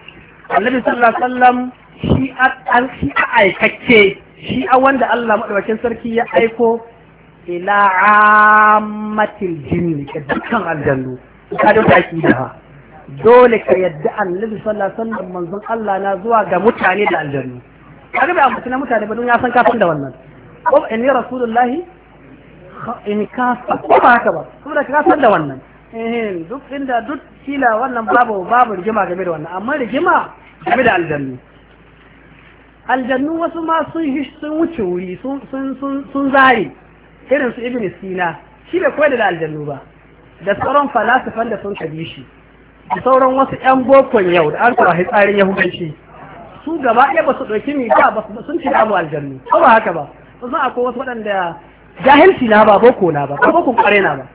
النبي صلى الله عليه وسلم shi an shi a aikakke shi a wanda Allah madaukakin sarki ya aiko ila ammatil jinni ga dukkan aljannu ka da taki da dole ka yadda annabi sallallahu alaihi wasallam manzon Allah na zuwa ga mutane da aljanu. aljannu ga bai amfani mutane ba don ya san kafin da wannan ko inni rasulullahi in kafa ko ba haka ba saboda ka san da wannan eh duk inda duk kila wannan babu babu rigima game da wannan amma rigima game da aljanu. aljannu wasu ma sun sun wuce wuri sun sun sun zare irin su ibn sina shi bai koyar da aljannu ba da sauran falasifan da sun kabi shi da sauran wasu 'yan bokon yau da an kawo tsarin yahudanci su gaba ɗaya ba su ɗauki ni ba sun ci damu aljannu ko ba haka ba ba a akwai wasu waɗanda jahilci na ba boko na ba ba bokon ƙware na ba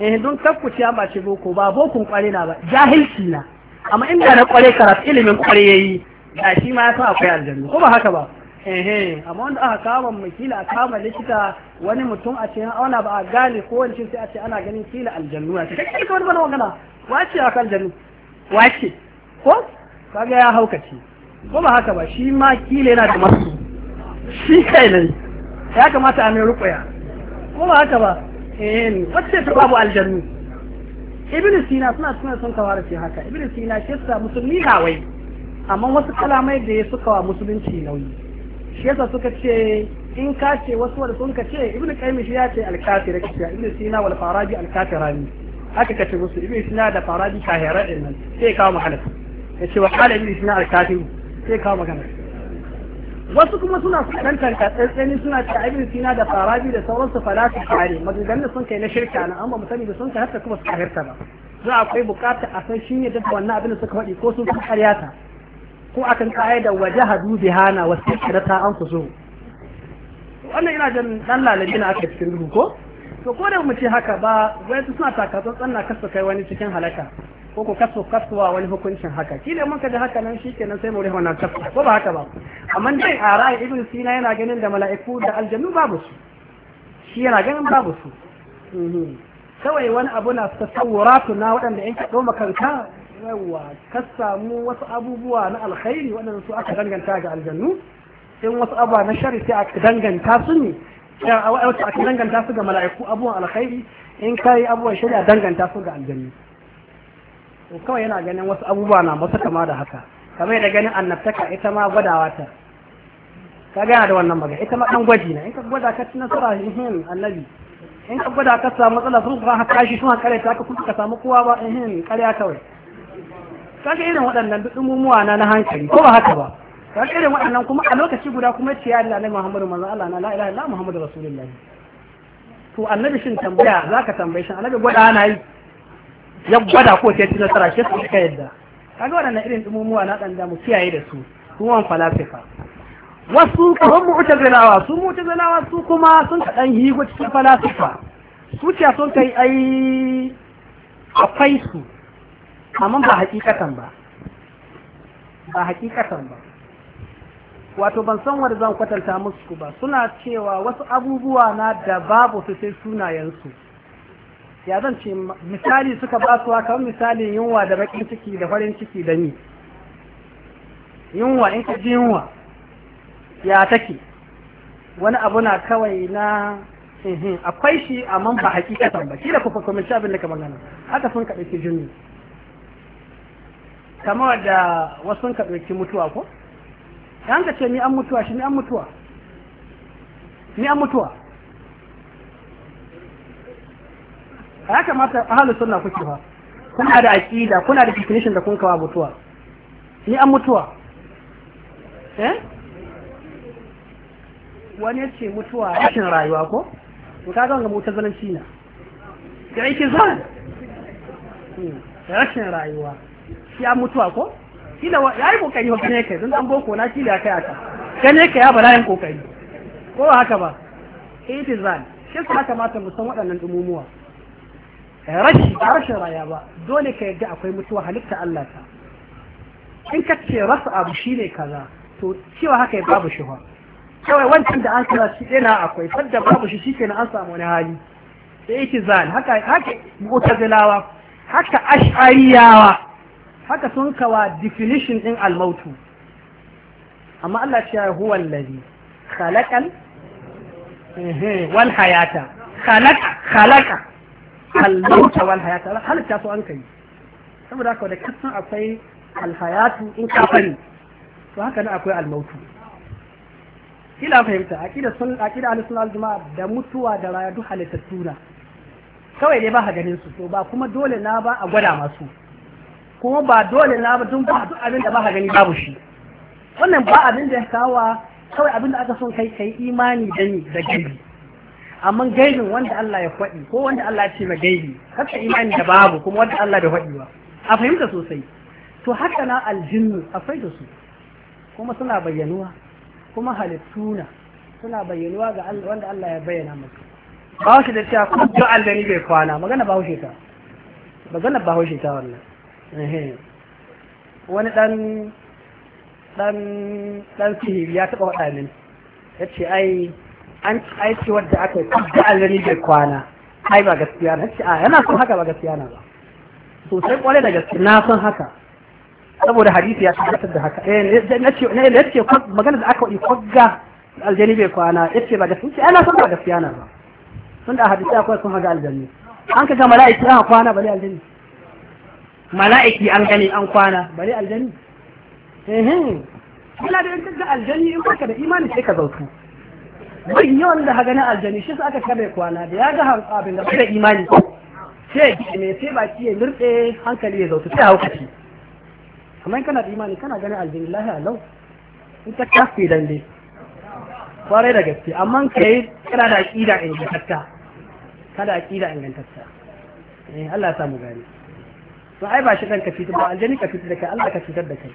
eh don kakkuci ya bace boko ba bokon ƙware na ba jahilci na amma inda na ƙware karatu ilimin ƙware yi, da shi ma ya san akwai aljannu ko ba haka ba eh amma wanda aka kama mai kila a kama likita wani mutum a ce ana ba a gane ko wani sai a ce ana ganin kila aljannu a ce kai kai wani bana magana wace a kan janu wace ko kaga ya haukace ko ba haka ba shi ma kila yana da masu shi kai ne ya kamata a mai rukwaya ko ba haka ba eh wace ta babu aljannu ibn sina suna suna son kawara ce haka ibn sina shi yasa musulmi hawai amma wasu kalamai da ya suka wa musulunci nauyi shi yasa suka ce in ka ce wasu wanda sun ka ce ibn qayyim shi ya ce al-kafir ibn sina wal faraji al-kafirani haka ka ce musu ibi suna da farabi kahira din nan sai kawo magana ya ce wa qala ibi suna al-kafir sai kawo magana wasu kuma suna dan tanka tsantsani suna ta ibn suna da farabi da sauran su su kare maganganun da sun kai na shirka na amma mutane da sun kai haka kuma su kahirta ba za a akwai bukata a san shin yadda wannan abin da suka faɗi ko sun fi karyata ko a kan da waje ka'ida wajahadu bihana wasu kada ta an kusu wannan ina jan dan lalabi na aka cikin duhu ko to ko da mu ce haka ba wai suna takatsantsan na kasu kai wani cikin halaka ko ku kasu kasuwa wani hukuncin haka shi ne mun kaji haka nan shi sai mu rihe wannan kasu ko ba haka ba amma dai a ra'ayi ibn sina yana ganin da mala'iku da aljannu babu su shi yana ganin babu su mhm. kawai wani abu na tasawuratu na waɗanda yake ka ɗoma kanka yawa ka samu wasu abubuwa na alkhairi waɗanda su aka danganta ga aljannu sai wasu abubuwa na shari sai aka danganta su ne a wata ake danganta su ga mala'iku abubuwan alkhairi in ka yi abubuwan shari'a danganta su ga aljanni to kawai yana ganin wasu abubuwa na masu kama da haka kamar da ganin annabtaka ita ma gwadawa ta ka gana da wannan magana ita ma dan gwaji na in ka gwada ka ci nasara hin annabi in ka gwada ka samu matsala sun fara haka shi sun hakare ta ka kuma ka samu kowa ba hin karya kawai kaga irin waɗannan duk mumuwa na na hankali ko ba haka ba kan irin waɗannan kuma a lokaci guda kuma ce ya lalai Muhammadu manzo Allah na la ilaha Muhammadu rasulullahi to annabi shin tambaya zaka tambaye shi annabi gwada ana yi ya gwada ko ce ci nasara shi su ka yadda kaga waɗannan irin dumumuwa na dan mu kiyaye da su Su wan falafifa wasu kafin mu'tazilawa su mu'tazilawa su kuma sun ka dan higo cikin falafifa su ce sun kai ai akwai su amma ba hakikatan ba ba hakikatan ba wato ban san wanda zan kwatanta musu ba suna cewa wasu abubuwa na da babu su sai sunayensu ya zan ce misali suka ba su kamar misalin yunwa da bakin ciki da farin ciki da ni yunwa in ka ji yunwa ya take wani abu na kawai na akwai shi amma ba hakikatan ba shi da kuka kwamanci abin da ka magana haka sun ka ɗauki jini kamar da wasu sun ka ɗauki mutuwa ko yan ka ce ni an mutuwa shi ni an mutuwa ni an mutuwa a ya kamata halin suna kuke ba kuna da aƙida kuna da definition da kun kawa mutuwa ni an mutuwa eh wani ya ce mutuwa rashin rayuwa ko to ka ga mutar zalunci na da yake zan hmm, rashin rayuwa shi an mutuwa ko kila ya yi kokari ba kane kai don dan boko na kila ya kai aka kane kai ya bala'in kokari ko ba haka ba itizal shi sa haka mata mu san waɗannan dumumuwa eh, rashi ba rashin raya ba dole ka yadda akwai mutuwa halitta Allah ta in ka ce rasa abu shi ne kaza to cewa haka babu shi ba kawai wancan da an kira shi ɗina akwai fadda babu shi shike an samu wani hali da zan haka haka mu'tazilawa haka ash'ariyawa haka sun kawa definition din almautu amma Allah ce huwa allazi khalaqal wal hayata khalaqa khalaqa almauta wal hayata halitta su an kai saboda haka da kasan akwai alhayatu in kafari to haka ne akwai almautu kila fahimta akida sun aqida al-sunna jamaa da mutuwa da rayuwa duk halittattuna kawai dai ba ha ganin su to ba kuma dole na ba a gwada masu kuma ba dole na batun ba duk abin da ba ka gani babu shi wannan ba abin da ya kawo kawai abin da aka so kai kai imani da ni da gaibi amma gaibin wanda Allah ya faɗi ko wanda Allah ya ce ma gaibi haka imani da babu kuma wanda Allah da faɗi ba a fahimta sosai to haka na aljinnu akwai da su kuma suna bayyanuwa kuma halittuna suna bayyanuwa ga wanda Allah ya bayyana maka ba shi da cewa kuma duk aljani bai kwana magana ba haushe ta magana ba haushe ta wannan wani dan dan dan sihiri ya taba wada min yace ai an ai ce wanda aka yi da alani da kwana ai ba gaskiya na ce a yana son haka ba gaskiya na ba sosai kwale da gaskiya na son haka saboda hadisi ya tabbatar da haka eh na ce na ce magana da aka yi kogga aljani bai kwana yace ba gaskiya ai na son ba gaskiya na ba tunda hadisi akwai sun haga aljani an ka ga mala'iki aka kwana bale aljani mala'iki an gani an kwana bari aljani ehem kula da yankin da aljani in baka da imani sai ka zautu bai yawan da gani aljani shi aka kabe kwana da ya ga abin da bai da imani sai ne sai baki ya nirɗe hankali ya zautu sai haukaci amma kana da imani kana ganin aljani lahi lau in ta kafe dan dai kwarai da gaske amma kai kana da aqida ingantatta kada aqida ingantatta eh Allah ya samu gani to ai ba shi ɗan ka cutar ba aljani ka cutar da kai Allah ka cutar da kai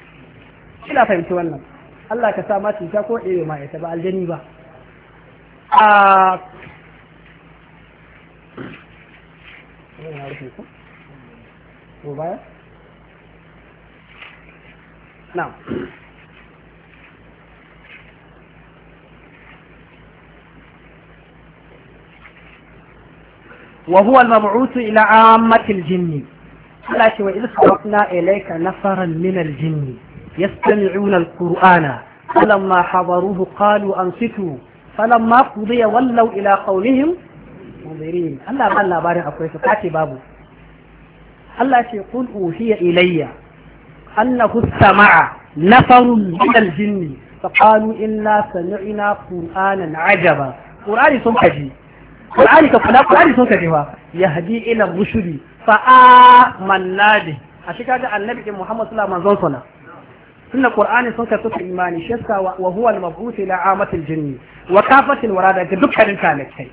ina fahimci wannan Allah ka sa ma cuta ko ɗaya ma ita ba aljani ba a Now. وهو المبعوث إلى عامة الجن Allah ce wa ilsa wafna ilaika nafaran min aljinni yastami'una alqur'ana falamma hadaruhu qalu ansitu falamma qudiya wallaw ila qawlihim mundirin Allah ba labarin akwai su kace babu Allah ce qul uhiya ilayya annahu sama'a nafarun min aljinni فقالوا إنا سمعنا قرآنا عجبا قرآن سمحجي قرآن كفلا قرآن سمحجي يهدي إلى الرشد fa'amanna bi a shi kaga annabi din Muhammad sallallahu alaihi wasallam sunna qur'ani sun karɓi su imani shi yasa wa huwa al-mab'uth ila amatil jinni wa kafatil warada ga dukkanin talakai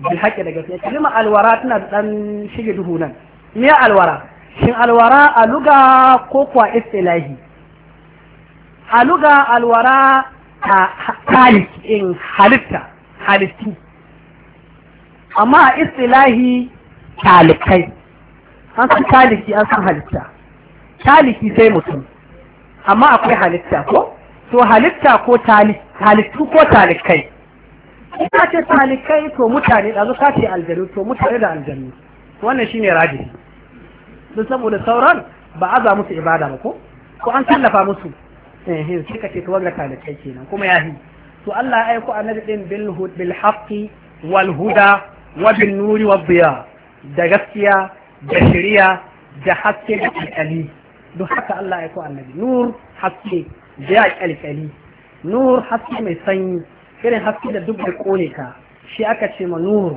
bil haqqi daga sai kalma wara tana dan shige duhu nan me Al-wara? shin alwara a luga ko kwa istilahi a luga alwara halitta halitta amma a istilahi talikai an san taliki an san halitta taliki sai mutum amma akwai halitta ko to halitta ko halittu ko talikai ina ce talikai to mutane da zuka ce aljanu to mutane da aljanu wannan shi ne rajin don saboda sauran ba aza musu ibada ba ko ko an tallafa musu eh sai ka ce to da talikai kenan kuma yahi to Allah ya aiko annabi din bil bil haqqi wal huda wa bin nuri wa dhiya da gaskiya da shari'a da haske da alƙali duk haka Allah ya ko annabi nur haske da alƙali nur haske mai sanyi irin haske da duk da kone ka shi aka ce ma nuru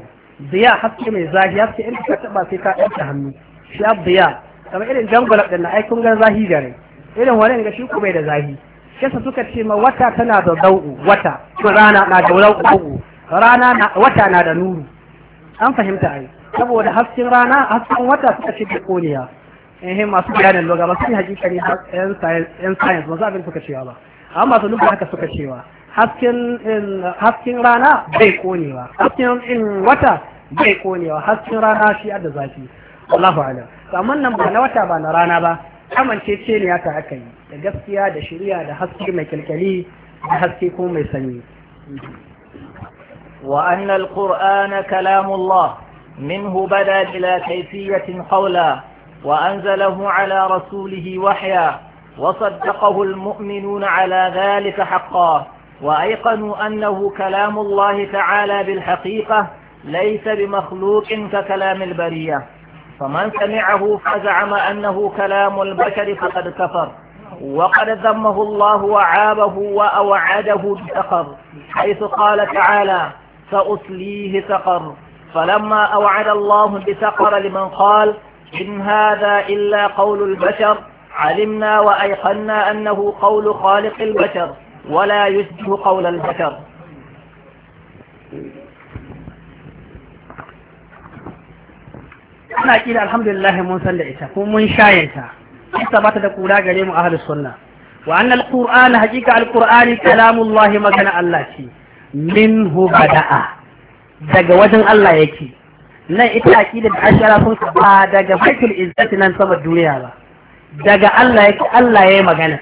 ziya haske mai zafi haske in ka taba sai ka ɗauka hannu shi abdiya kamar irin jangulab da na kun ga zahi gare irin wani ga shi ku bai da zahi kesa suka ce ma wata tana da dau'u wata rana na da dau'u rana na wata na da nuru an fahimta ai saboda hasken rana hasken wata suka ce koniya eh masu bayanin loga ba sun hakika ne yan science ba za a bin suka cewa ba amma masu lubu haka suka cewa hasken hasken rana bai konewa hasken in wata bai konewa hasken rana shi da zafi Allahu a'lam amma nan ba na wata ba na rana ba kamance ce ne haka aka yi da gaskiya da shirya da haske mai kyalkyali da haske ko mai sanyi وأن القرآن كلام الله منه بدا بلا كيفية قولا وأنزله على رسوله وحيا وصدقه المؤمنون على ذلك حقا وأيقنوا أنه كلام الله تعالى بالحقيقة ليس بمخلوق ككلام البرية فمن سمعه فزعم أنه كلام البشر فقد كفر وقد ذمه الله وعابه وأوعده بسقر حيث قال تعالى سأصليه سقر فلما أوعد الله بسقر لمن قال إن هذا إلا قول البشر علمنا وأيقنا أنه قول خالق البشر ولا يشبه قول البشر ana kila alhamdulillah mun san da ita ko mun shaye ta ita bata da kura gare mu ahlus sunna wa anna alqur'ana haqiqa alqur'ani kalamullahi magana Allah ce minhu bada'a daga wajen Allah yake nan ita aqida da ashara sun ba daga fakil izzati nan sama duniya ba daga Allah yake Allah yayi magana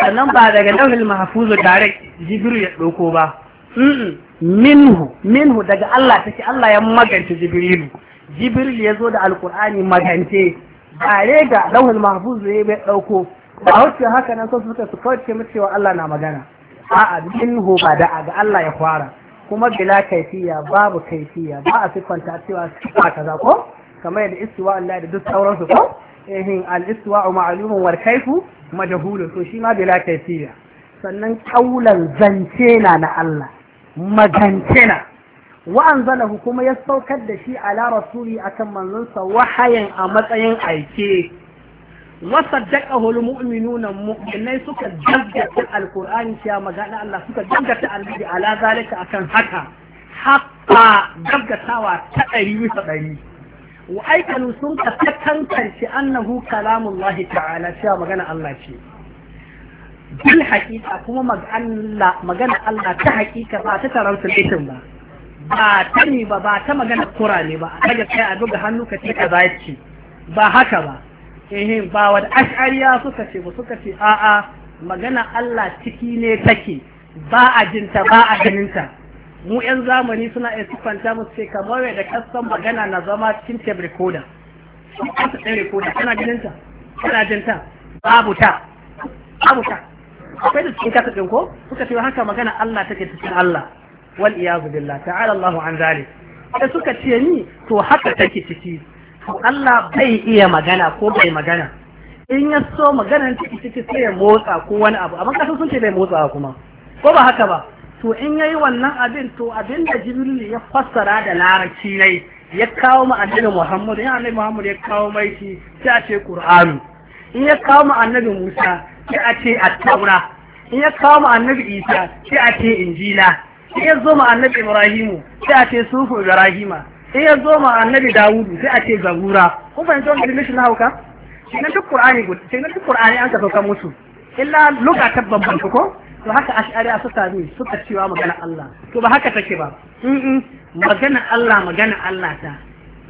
sannan ba daga lauhul mahfuz direct jibril ya ɗauko ba minhu minhu daga Allah take Allah ya magance jibril jibril ya zo da alqur'ani magance bare ga lauhul mahfuz ya bai ɗauko. ba hauce haka nan sun suka su kawai ce Allah na magana a'a minhu ba da ga Allah ya fara kuma bila kaifiya babu kaifiya ba a siffanta cewa suka kaza ko kamar yadda istiwa Allah da duk sauransu ko ehin al-istiwa ma'lumun wal kaifu majhulun to shi ma bila kaifiya sannan kaulan zance na na Allah magance na wa anzalahu kuma ya saukar da shi ala rasuli akan manzonsa wahayin a matsayin aike wasaddaka hul mu'minuna mu'minai suka jaddata alqur'ani cewa magana Allah suka jaddata annabi ala zalika akan haka hatta jaddatawa ta dari bisa dari wa aikanu sun ka tantar shi annahu kalamullahi ta'ala cewa magana Allah ce bil haqiqa kuma magana Allah ta haqiqa ba ta translation ba ba ta ba ba ta magana qur'ani ba a daga kai a buga hannu ka ce ka ba haka ba ehin ba wa ash'ariya suka ce ba suka ce a'a magana Allah ciki ne take ba a jinta ba a ganinta mu yan zamani suna iya siffanta musu ce kamar da kasan magana na zama cikin tape recorder shi kasa ɗin recorder kana ganinta kana jinta babu ta babu ta akwai da cikin kasa ɗin ko suka ce haka magana Allah take cikin Allah wal iyazu billah ta'ala Allahu an zalik sai suka ce ni to haka take ciki to Allah bai iya magana ko bai magana in ya so maganar ciki ciki sai ya motsa ko wani abu amma kasu sun ce bai motsa kuma ko ba haka ba to in yayi wannan abin to abin da ya fassara da larabci ne ya kawo mu annabi Muhammad ya annabi Muhammad ya kawo mai shi sai a ce Qur'ani in ya kawo mu annabi Musa sai a ce At-Taura in ya kawo mu annabi Isa sai a ce Injila in ya zo mu annabi Ibrahimu, sai a ce Sufu Ibrahima in ya zo ma annabi dawudu sai a ce zabura kun fahimci wani definition na hauka shi na duk qur'ani sai na duk qur'ani an ka sauka musu illa luka ta babban ko to haka a suka ne suka cewa magana Allah to ba haka take ba magana Allah magana Allah ta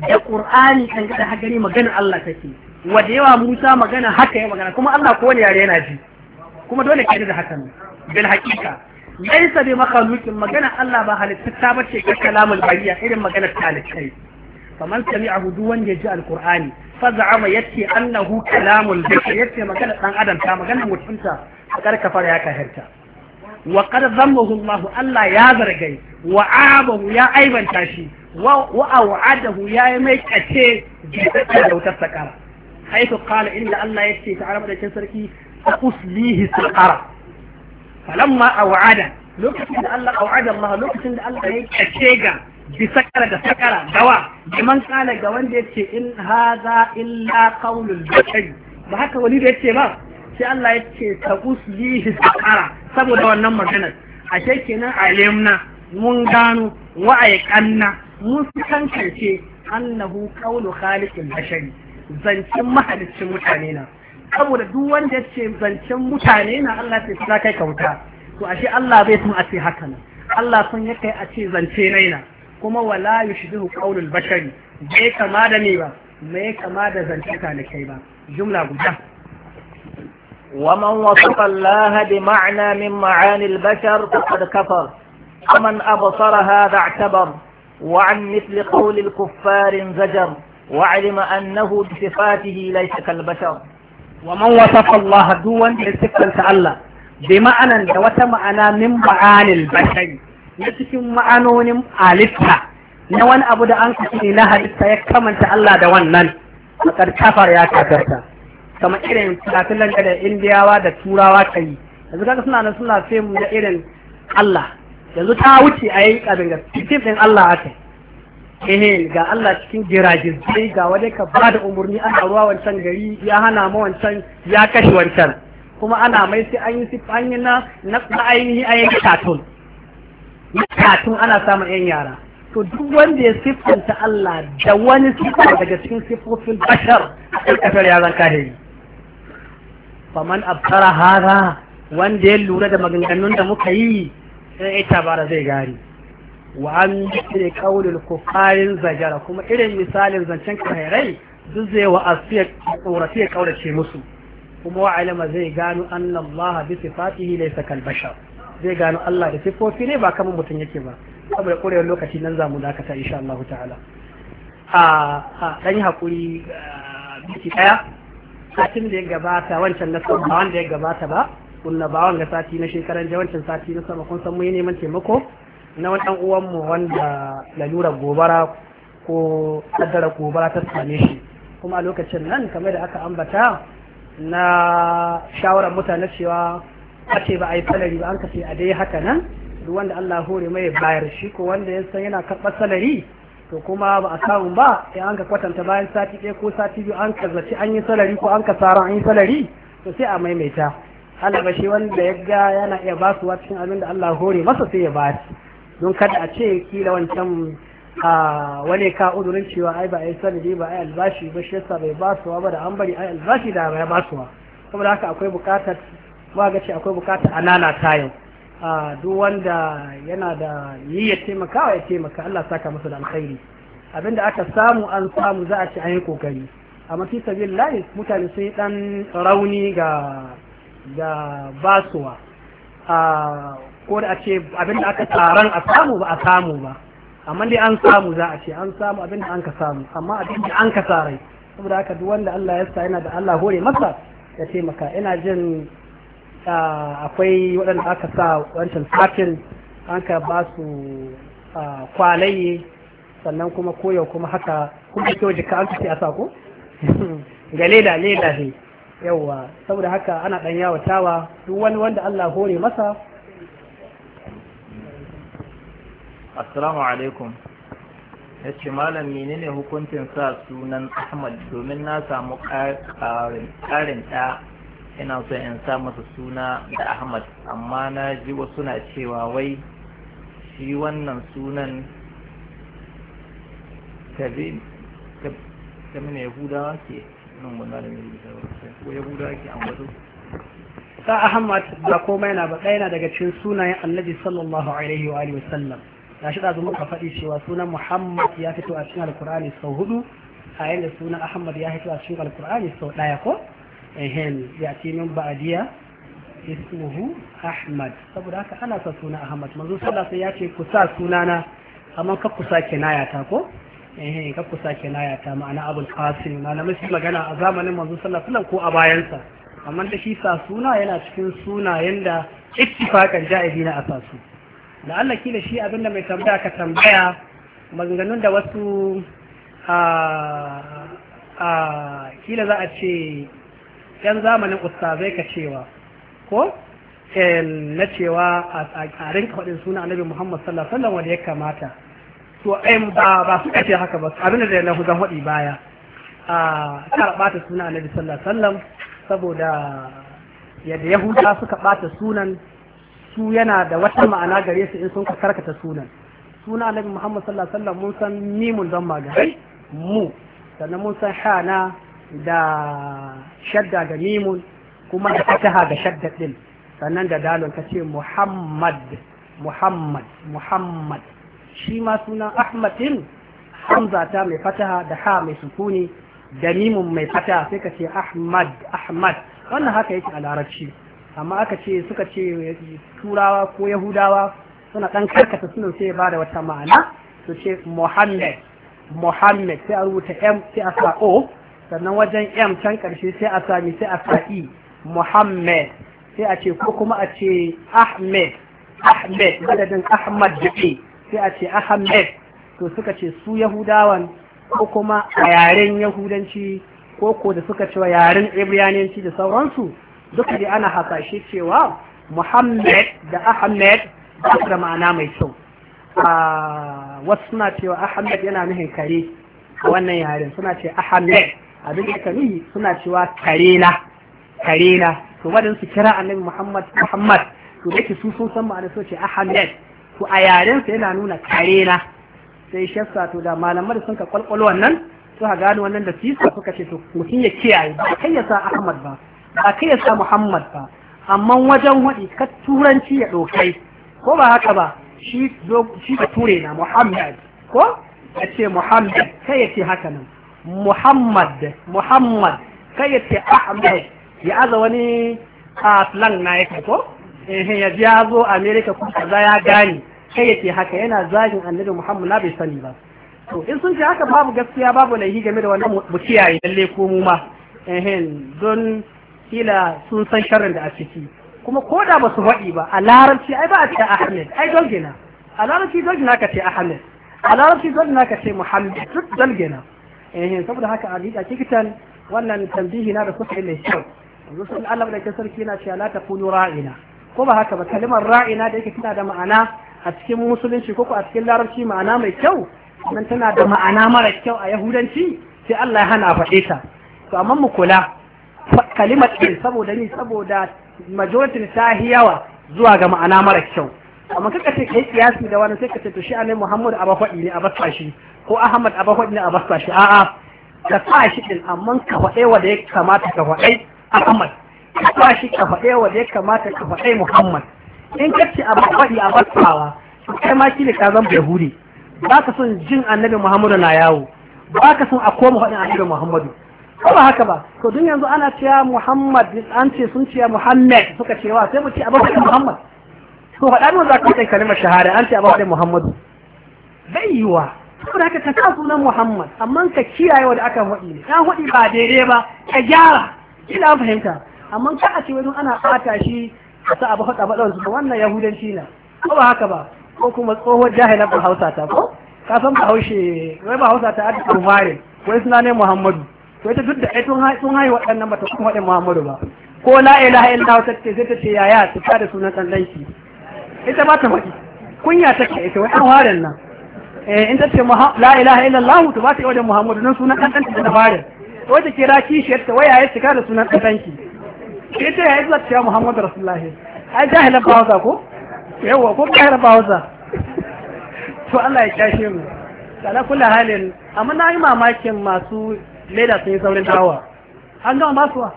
da qur'ani kan ga haka ne magana Allah take wa da yawa Musa magana haka ya magana kuma Allah ko wani yare yana ji kuma dole ka da hakan bil haqiqa laisa bi makhluqin magana Allah ba halitta ba ce ka kalamul bariya irin maganar talikai faman sami'ahu duk wanda ya ji alqur'ani fa za'ama yace annahu kalamul bashar yace magana dan adam ta magana mutunta fakar kafara ya kahirta wa qad zammahu Allah Allah ya zargai wa abahu ya aibanta shi wa wa'adahu ya yi mai kace da wutar sakara haifu qala inda Allah yace ta'ala madaukin sarki uslihi sakara falamma awada lokacin da Allah awada Allah lokacin da Allah ya kace ga bi sakara da sakara dawa liman kana ga wanda yace in hadha illa qawlul bashar ba haka wani da yace ba sai Allah yace ta uslihi sakara saboda wannan maganar ashe kenan alimna mun gano wa'aikanna mun san annahu qawlu khaliqil bashari zancin mahaliccin mutane na saboda duk wanda ce zancen mutane na Allah ce ta kai kauta to ashe Allah bai san a ce haka nan Allah sun ya kai a ce zance raina kuma wala yushbihu qawlul bashari bai kama da ni ba mai kama da zance ka kai ba jumla guda ومن وصف الله بمعنى من معاني البشر فقد كفر ومن أبصر هذا اعتبر وعن مثل قول الكفار انزجر وعلم أنه بصفاته ليس كالبشر wa man wasafa Allah duk wanda ya siffanta Allah bi ma'anan da wata ma'ana min ma'anil bashari na cikin ma'anonin alitta na wani abu da an kashe na halitta ya kamanta Allah da wannan fakar kafar ya kafarta kamar irin filafilan da indiyawa da turawa ka yi yanzu kaga suna nan suna fim da irin Allah yanzu ta wuce a yi abin ga fim ɗin Allah aka yi ehe ga Allah cikin sai ga wani ka ba da umarni ana ruwa wancan gari ya hana ma wancan ya kashe wancan kuma ana mai sai an yi sifanyi na na ainihi a yin katun katun ana samun yan yara to duk wanda ya siffanta Allah da wani siffa daga cikin siffofin bashar a kafar ya zanka da yi faman abtara hara wanda ya lura da maganganun da muka yi sai ita bara zai gari wa an ne kaulul kufarin zajara kuma irin misalin zancen kahirai duk zai wa asiya ya kaurace musu kuma wa alama zai gano anna Allah bi sifatihi laysa kal bashar zai gano Allah da sifofi ne ba kaman mutum yake ba saboda kurewar lokaci nan zamu dakata insha Allah ta'ala a dan hakuri biki daya satin da ya gabata wancan na sama ba wanda ya gabata ba kunna ba wanga sati na shekaran jawancin sati na sama kun san mu neman taimako na wani ɗan uwanmu wanda lalura gobara ko kaddara gobara ta same shi kuma a lokacin nan kamar da aka ambata na shawarar mutane cewa a ce ba a yi salari ba an kashe a dai haka nan duk wanda Allah hore mai bayar shi ko wanda ya san yana karɓar salari to kuma ba a samu ba ya an ka kwatanta bayan sati ɗaya ko sati biyu an ka zaci an yi salari ko an ka tsara an yi salari to sai a maimaita Allah ba shi wanda ya ga yana iya basuwa cikin abin da Allah hore masa sai ya ba shi don kada a ce kila wancan a wani ka udurin cewa ai ba a yi sanadi ba ai albashi ba shi yasa bai basuwa ba da an bari ai albashi da ya basuwa saboda haka akwai bukatar ba ga ce akwai bukatar a lalata yau a duk wanda yana da niyyar taimakawa ya taimaka Allah saka masa da alkhairi abinda aka samu an samu za a ce an yi kokari amma fi lai mutane sun yi dan rauni ga ga basuwa a ko da a ce abin da aka taron a samu ba a samu ba amma dai an samu za a ce an samu abin da an ka samu amma abin da an ka sarai saboda haka duk wanda Allah ya sa yana da Allah hore masa ya taimaka ina jin akwai waɗanda aka sa wancan satin an ka ba su kwalaye sannan kuma koyau kuma haka kuma kyau jika an ce a sako ga leda leda ne yawa saboda haka ana ɗan yawatawa duk wani wanda Allah hore masa assalamu alaikum ya ce malam menene hukuncin sa sunan ahmad domin na samu karin ɗa ina son in sa masa suna da ahmad amma na ji wasu na cewa wai shi wannan sunan tabi ta mana yahudawa ke nan wanda da mai ko yahudawa ke ambato sa ahmad ba komai na ba ɗaya na daga cikin sunayen annabi sallallahu alaihi wa sallam gashi da ka faɗi cewa sunan Muhammad ya fito a cikin Alkur'ani sau hudu a yadda sunan Ahmad ya fito a cikin Alkur'ani sau ɗaya ko ehem ya ce min ba'adiya ismuhu Ahmad saboda haka ana sa sunan Ahmad manzo sallallahu ya ce ku sunana amma ka ku sa kinaya ta ko ehem ka ku sa kinaya ta ma'ana Abul Qasim na su magana a zamanin manzo sallallahu alaihi ko a bayansa amma da shi sa suna yana cikin sunayen da ittifaqan a na su da Allah kila shi abinda mai tambaya ka tambaya maganganun da wasu a kila za a ce yan zamanin ustazai ka cewa ko eh, na cewa a rinka faɗin suna annabi Muhammad sallallahu alaihi wasallam wanda ya kamata to ai ba ba su kace haka ba abin da na hudan hudi baya a karɓa bata suna annabi sallallahu alaihi wasallam saboda yadda yahuda suka ɓata sunan su yana da wata ma'ana gare su in sun ka karkata sunan suna annabi Muhammad sallallahu alaihi wasallam mun san mimun don mu sannan mun san hana da shadda ga mimun kuma da fataha ga shadda din sannan da dalon kace ce Muhammad Muhammad Muhammad shi ma sunan Ahmad din hamza ta mai fataha da ha mai sukuni da mimun mai fataha sai ka ce Ahmad Ahmad wannan haka yake a larabci amma aka ce suka ce turawa ko yahudawa suna ɗan karkata sunan sai ba da wata ma'ana su ce muhammad muhammad sai a rubuta m sai a sa o sannan wajen m can karshe sai a sami sai a sa e muhammad sai a ce ko kuma a ce ahmed ahmed madadin ahmad da e, sai a ce ahmed to suka ce su yahudawan ko kuma a yaren yahudanci ko ko da suka ce wa yaren ibraniyanci da sauransu duka da ana hasashe cewa muhammad da ahmed ba da ma'ana mai kyau ah, wasu suna cewa ahmed yana nuhin kare a wannan yaren suna ce ahmed abin da nuhi suna cewa Karena Karena. kare to waɗansu kira annabi muhammad muhammad to da ke su sun san ma'ana so ce ahmed to a yaren sa yana nuna Karena. sai shassa to da malamar sun ka kwalkwalo wannan suka gano wannan da sisa suka ce to mutum ya kiyaye ba kai ya sa ahmad ba ba ka yasa Muhammad ba amma wajen waɗi ka turanci ya dokai ko ba haka ba shi ka ture na Muhammad ko ya ce Muhammad kai ya ce haka nan Muhammad Muhammad kai ya ce Ahmed ya aza wani aslan na yake ko eh ya ya zo America ko kaza ya gani kai ya ce haka yana zagin Annabi Muhammad na bai sani ba to in sun ce haka babu gaskiya babu laihi game da wannan mu kiyaye lalle ko mu ma ehen don kila sun san sharrin da a ciki kuma ko da ba su faɗi ba a larabci ai ba a ce ahmed ai dalgina a larabci dalgina ka ce ahmed a larabci dalgina ka ce muhammad duk dalgina eh saboda haka a rika kitan wannan tambihi na da kuka ne kyau yanzu sun Allah da sarki na ce la takunu ra'ina ko ba haka ba kalimar ra'ina da yake tana da ma'ana a cikin musulunci ko a cikin larabci ma'ana mai kyau nan tana da ma'ana mara kyau a yahudanci sai Allah ya hana faɗe ta to amma mu kula kalimar ɗin saboda ni saboda majoritin ta yi yawa zuwa ga ma'ana mara kyau amma kaka ce kai kiyasi da wani sai ka ce to shi anai Muhammad a bakwadi ne a basta shi ko Ahmad a bakwadi ne a basta shi a'a ka sa shi ɗin amma ka faɗe wa da ya kamata ka faɗe Ahmad ka sa shi ka faɗe wa da ya kamata ka faɗe Muhammad in ka ce a bakwadi a basawa, to kai ma shi ka zama Yahudi ba ka son jin annabi Muhammadu na yawo ba ka son a koma faɗin annabi Muhammadu ko ba haka ba to dun yanzu ana cewa Muhammad an ce sun ce Muhammad suka cewa sai mu ce Abubakar Muhammad to faɗa mu za ka kai kalmar shahara an ce Abubakar Muhammadu bai yiwa saboda haka ka sa sunan Muhammad amma ka kiyaye wanda aka faɗi ne ka faɗi ba daidai ba ka gyara kina fahimta amma ka a ce wani ana ɓata shi a sa abu faɗa faɗa ba wannan yahudanci na ko ba haka ba ko kuma tsohon jahilar Bahausa ta ko ka san Bahaushe wai Bahausa ta Adi mare wai suna ne Muhammadu to ita duk da ai tun hai tun hai waɗannan bata kuma waɗin Muhammadu ba ko la ilaha illallah ta ce zai ta ce yaya ta ta da sunan dan danki ita ba ta faɗi kunya ta kai ita wai an waren nan eh in ta ce la ilaha illallah to ba ta yi wajen Muhammadu nan sunan dan danki da waren ke kira kishiyar ta waya ya cika da sunan dan danki ita ya yi ta ce Muhammadu Rasulullahi ai jahilan ba ko yawa ko jahilan ba to Allah ya kashe mu ala kullu halin amma na yi mamakin masu leda sun yi saurin tawa an gama basuwa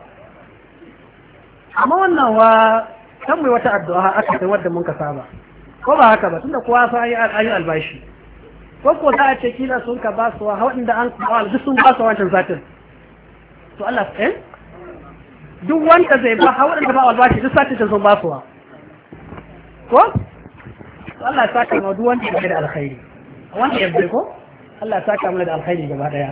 amma wannan wa kan mai wata addu'a aka san wadda mun ka saba ko ba haka ba tunda kowa sa yi albashi ko ko za a ce kila sun ka basuwa da an kawo duk sun basu wancan satin to Allah eh duk wanda zai ba da ba albashi duk satin sun basuwa ko Allah ya saka ma duk wanda ya da alkhairi wanda ya bai ko Allah ya saka mana da alkhairi gaba daya